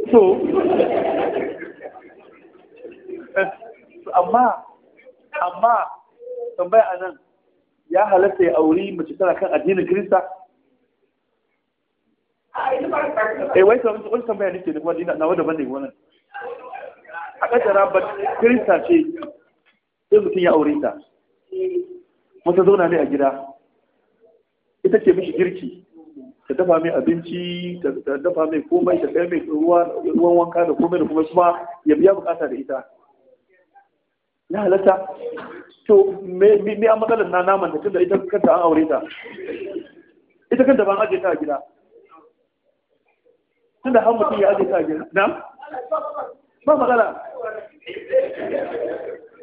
So, amma, amma, tambaya a nan, ya halatta ya auri mace tana kan addinin Kirista? Eh, wai tambaya nake da na wadda ban da wannan. a ƙasar ba kirista ce sai mutum ya aure ta wata zauna ne a gida ita ce mishi girki ta dafa mai abinci ta dafa mai komai ta kai mai ruwan wanka da komai da kuma shi ya biya bukata da ita na halatta to me a matsalar na naman da tunda ita kanta an aure ta ita kanta an aje ta a gida tunda har mutum ya aje ta a gida na ba matsala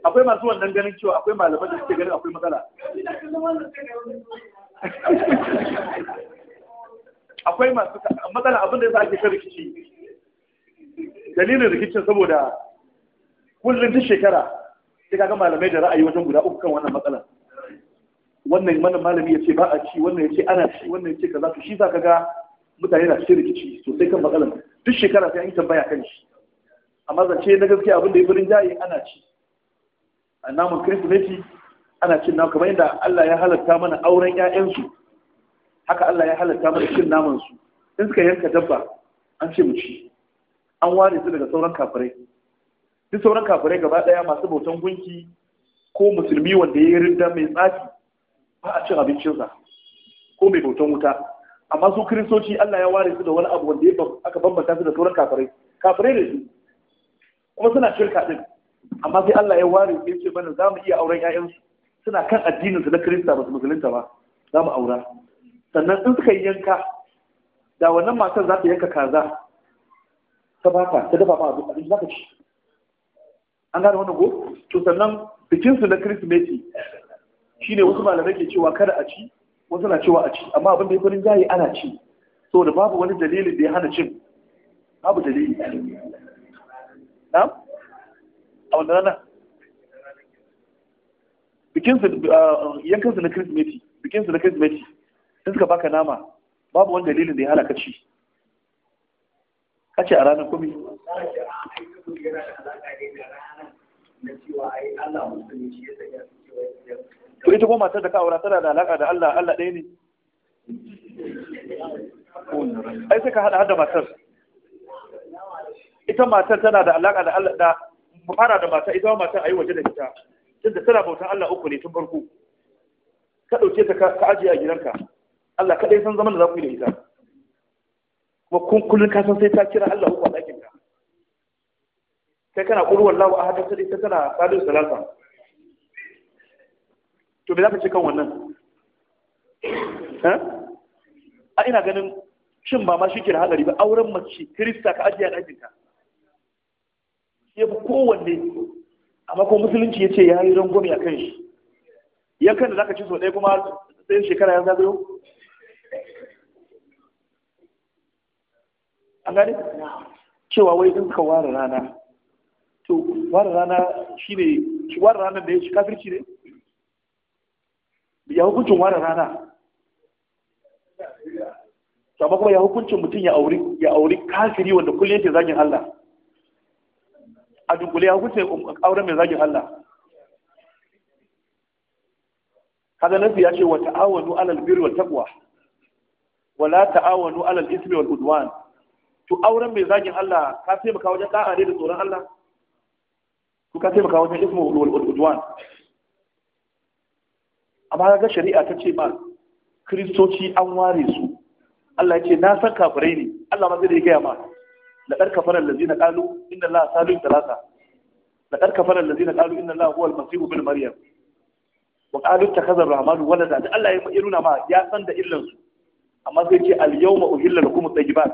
akwai masu wannan ganin cewa akwai malaman da suke ganin akwai matsala akwai masu matsala abin da ya sa ake ta rikici dalilin rikicin saboda kullum ta shekara sai kaga malamai da ra'ayi wajen guda uku kan wannan matsala. wannan mana malami ya ce ba a ci wannan ya ce ana ci wannan ya ce kaza to shi za ka ga mutane na cikin rikici sosai kan matsalar duk shekara sai an yi tambaya kan shi amma zance na gaskiya abin da ya birin jaye ana ci a namun kirsimeti ana cin namun kamar yadda Allah ya halatta mana auren 'ya'yansu haka Allah ya halatta mana cin naman su in suka yanka dabba an ce mu ci an ware su daga sauran kafirai duk sauran kafirai gaba ɗaya masu bautan gunki ko musulmi wanda ya yi rinda mai tsafi ba a cin abincinsa ko mai bautan wuta amma su kiristoci Allah ya ware su da wani abu wanda aka bambanta su da sauran kafirai kafirai da su kuma suna shirka din amma sai Allah ya ware su ce mana za mu iya auren su suna kan addinin su na Kirista ba su musulunta ba za mu aura sannan in suka yanka da wannan matar za ta yanka kaza ta baka ta dafa ma abin za ka ci an gane wannan ko to sannan bikin su na Kirismeti shine wasu malamai ke cewa kada a ci wasu na cewa a ci amma abin da ya farin jayi ana ci saboda babu wani dalili da ya hana cin babu dalili na a wanda rana bikinsu ah, yankansu na kirsimeti bikinsu na kirsimeti sun suka baka nama babu wani dalilin da ya halaka ci kace a ranar kumi na cewa shi ya to ita ko matar da ka aura tana da alaka da Allah Allah ɗaya ne ai sai ka hada da matar ita matar tana da alaka da Allah da fara da matar, ita matar ayi waje da ita tunda tana bautan Allah uku ne tun farko ka dauke ta ka ajiye a gidanka Allah kaɗai san zaman da za ku yi da ita kuma kun kullun ka san sai ta kira Allah uku a ɗakin ka kai kana ƙuruwar wallahu a sai ta tana salisu salasa to me za ka ce kan wannan eh? a ina ganin cin ba ma shi ke da hadari ba auren mace kirista ka ajiye a ɗakinka ya fi kowanne amma ko musulunci ya ce ya yi rangwame a kan shi yankan da za ka ci sau ɗaya kuma sai shekara ya zagayo an gane cewa wai in ka ware rana to ware rana shi ne ware ranar da ya shi kafirci ne ya hukuncin ware rana sama kuma ya hukuncin mutum ya auri ya auri kafiri wanda kullum yake zagin Allah a dunkule ya hukuncin auren mai zagin Allah kaga nabi ya ce wa ta'awanu alal birri wal taqwa wa la ta'awanu alal ismi wal udwan to auren mai zagin Allah ka taimaka wajen da'a da tsoron Allah ku ka taimaka wajen ismi wal udwan amma ga shari'a ta ce ma kristoci an ware su Allah ya ce na san kafirai ne Allah ma zai da ya gaya ma laqad kafara na qalu inna allaha salihu thalatha laqad kafara allazina qalu inna allaha huwa al-masih bin maryam wa qalu ittakhadha ar-rahman walada da Allah ya nuna ma ya san da illan su amma sai ce al-yawma uhilla lakum at-tayyibat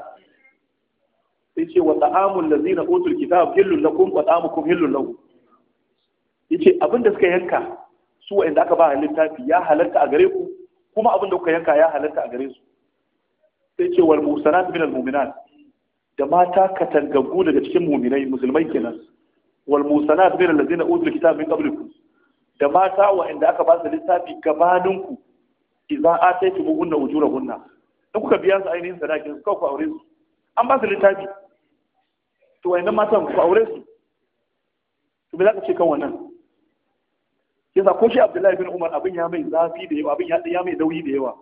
sai ce wa ta'amul ladzina utul kitab hillul lakum wa ta'amukum hillu lahum yace abinda suka yanka su wa'anda aka ba littafi ya halatta a gare ku kuma abin da kuka yanka ya halatta a gare su sai ce wal musanat min al mu'minat da mata katangagu daga cikin mu'minai musulmai kenan wal musanat min allazina utul kitab min qablikum da mata wa'anda aka ba su littafi gabanin ku idan ataitu mugunna ujurahunna in kuka biya su ainihin sadakin su ku aure su an ba su littafi to wa'annan mata ku aure su to me za ka ce kan wannan yasa ko shi Abdullahi bin Umar abin ya mai zafi da yawa abin ya ya mai dauyi da yawa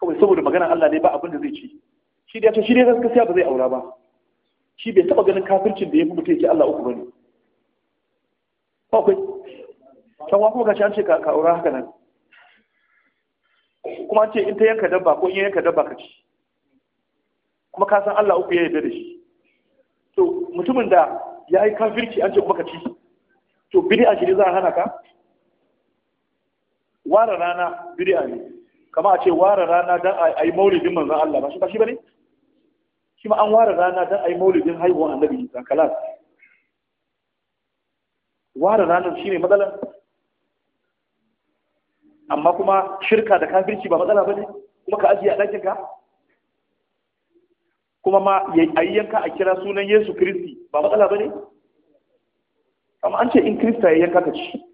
kawai saboda magana Allah ne ba abin da zai ci shi da ta shi ne gaskiya ba zai aura ba shi bai taba ganin kafircin da ya fi mutum yake Allah uku bane ko kai Ta wa kuma gashi an ce ka aura haka nan kuma an ce in ta yanka dabba ko in yanka dabba ka ci kuma ka san Allah uku ya yarda da shi to mutumin da ya yi kafirci an ce kuma ka ci to bid'a shi ne za a hana ka ware rana bid'a ne kama a ce ware rana don a yi maulidin manzan Allah ba shi ba shi bane shi ma an ware rana don a yi maulidin haihuwar annabi Isa kalas ware ranar shine matsalar amma kuma shirka da kafirci ba matsala ba ne kuma ka ajiye a ɗakin ka kuma ma a yi yanka a kira sunan Yesu Kiristi ba matsala ba ne amma an ce in Kirista ya yanka ka ci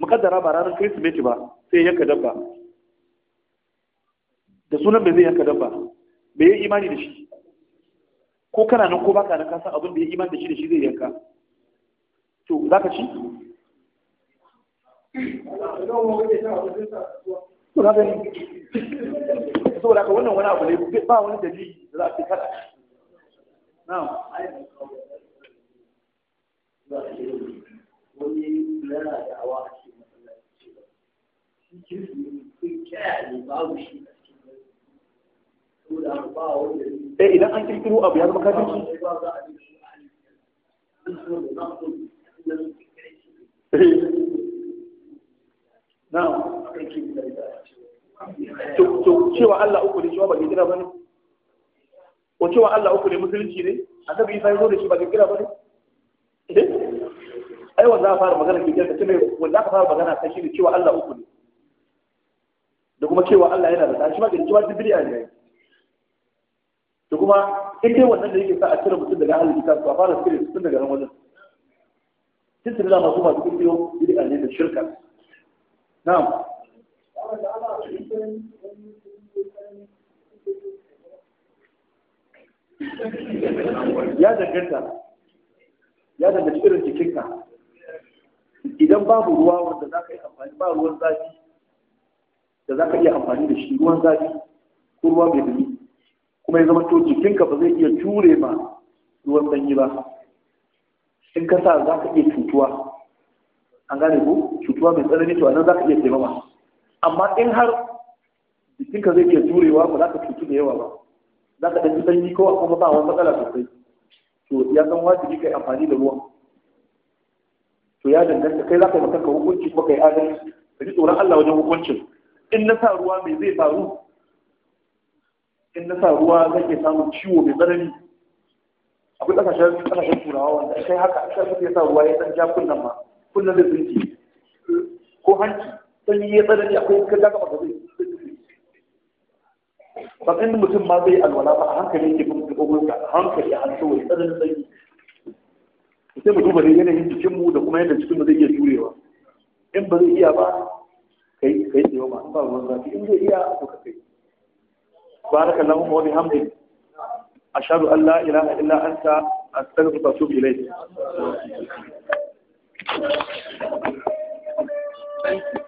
mukaddara ba ranar kirsimeti ba sai yanka dabba da sunan bai zai yanka dabba bai yi imani da shi ko kana nan ko baka nan ka san abin da ya imani da shi da shi zai yanka to za ka ci saboda ka wannan wani abu ne ba wani dalili da za a fi kada na'am wani yana da awa eh idan an kirkiro abu ya zama kafirci eh, na to cewa Allah uku ne shi ba kira bane ko cewa Allah uku ne musulunci ne annabi Isa ya zo da shi ba kira bane eh ai wanda fara magana ke kirka ce mai wanda aka fara magana sai shi ne cewa Allah uku ne da kuma cewa Allah yana da ta shi ma cewa ma bid'a ne da kuma ita wannan da yake sa a cire mutum daga ahlul kitab to a fara cire su tun daga nan wajen tun tun masu masu masu kirkiyo a ne da shirka na'am ya danganta ya danganta irin jikinka idan babu ruwa wanda za ka yi amfani ba ruwan zafi da za ka iya amfani da shi ruwan zafi ko ruwa mai dumi kuma ya zama to jikinka ba zai iya jure ma ruwan sanyi ba in ka sa za ka iya cutuwa an gane ko cutuwa mai tsanani to nan za ka iya taimama amma in har jikinka zai iya jurewa ba za ka cutu da yawa ba za ka ɗan sanyi ko kuma ba matsala sosai to ya san wajibi kai amfani da ruwan to ya danganta kai za ka yi maka hukunci kuma kai adalci ka ji tsoron Allah wajen hukuncin in na sa ruwa mai zai faru in na sa ruwa zan iya samun ciwo mai tsanani akwai ƙasashen ƙasashen turawa wanda kai haka in ka suke sa ruwa ya ɗan ja kunnan ma kunnan da tsinci ko hanci sanyi ya tsanani akwai ka daga ba zai ba kan mutum ma zai alwala ba a hankali yake bin gaɓoɓinsa a hankali a hankali tsananin tsanani sai mu duba da yanayin jikinmu da kuma yadda jikinmu zai iya jurewa in ba zai iya ba kai kai tsayo ma ba ruwan zafi in zai iya to ka kai barakallahu wa bihamdihi أشهد أن لا إله إلا أنت أستغفرك وأتوب إليك.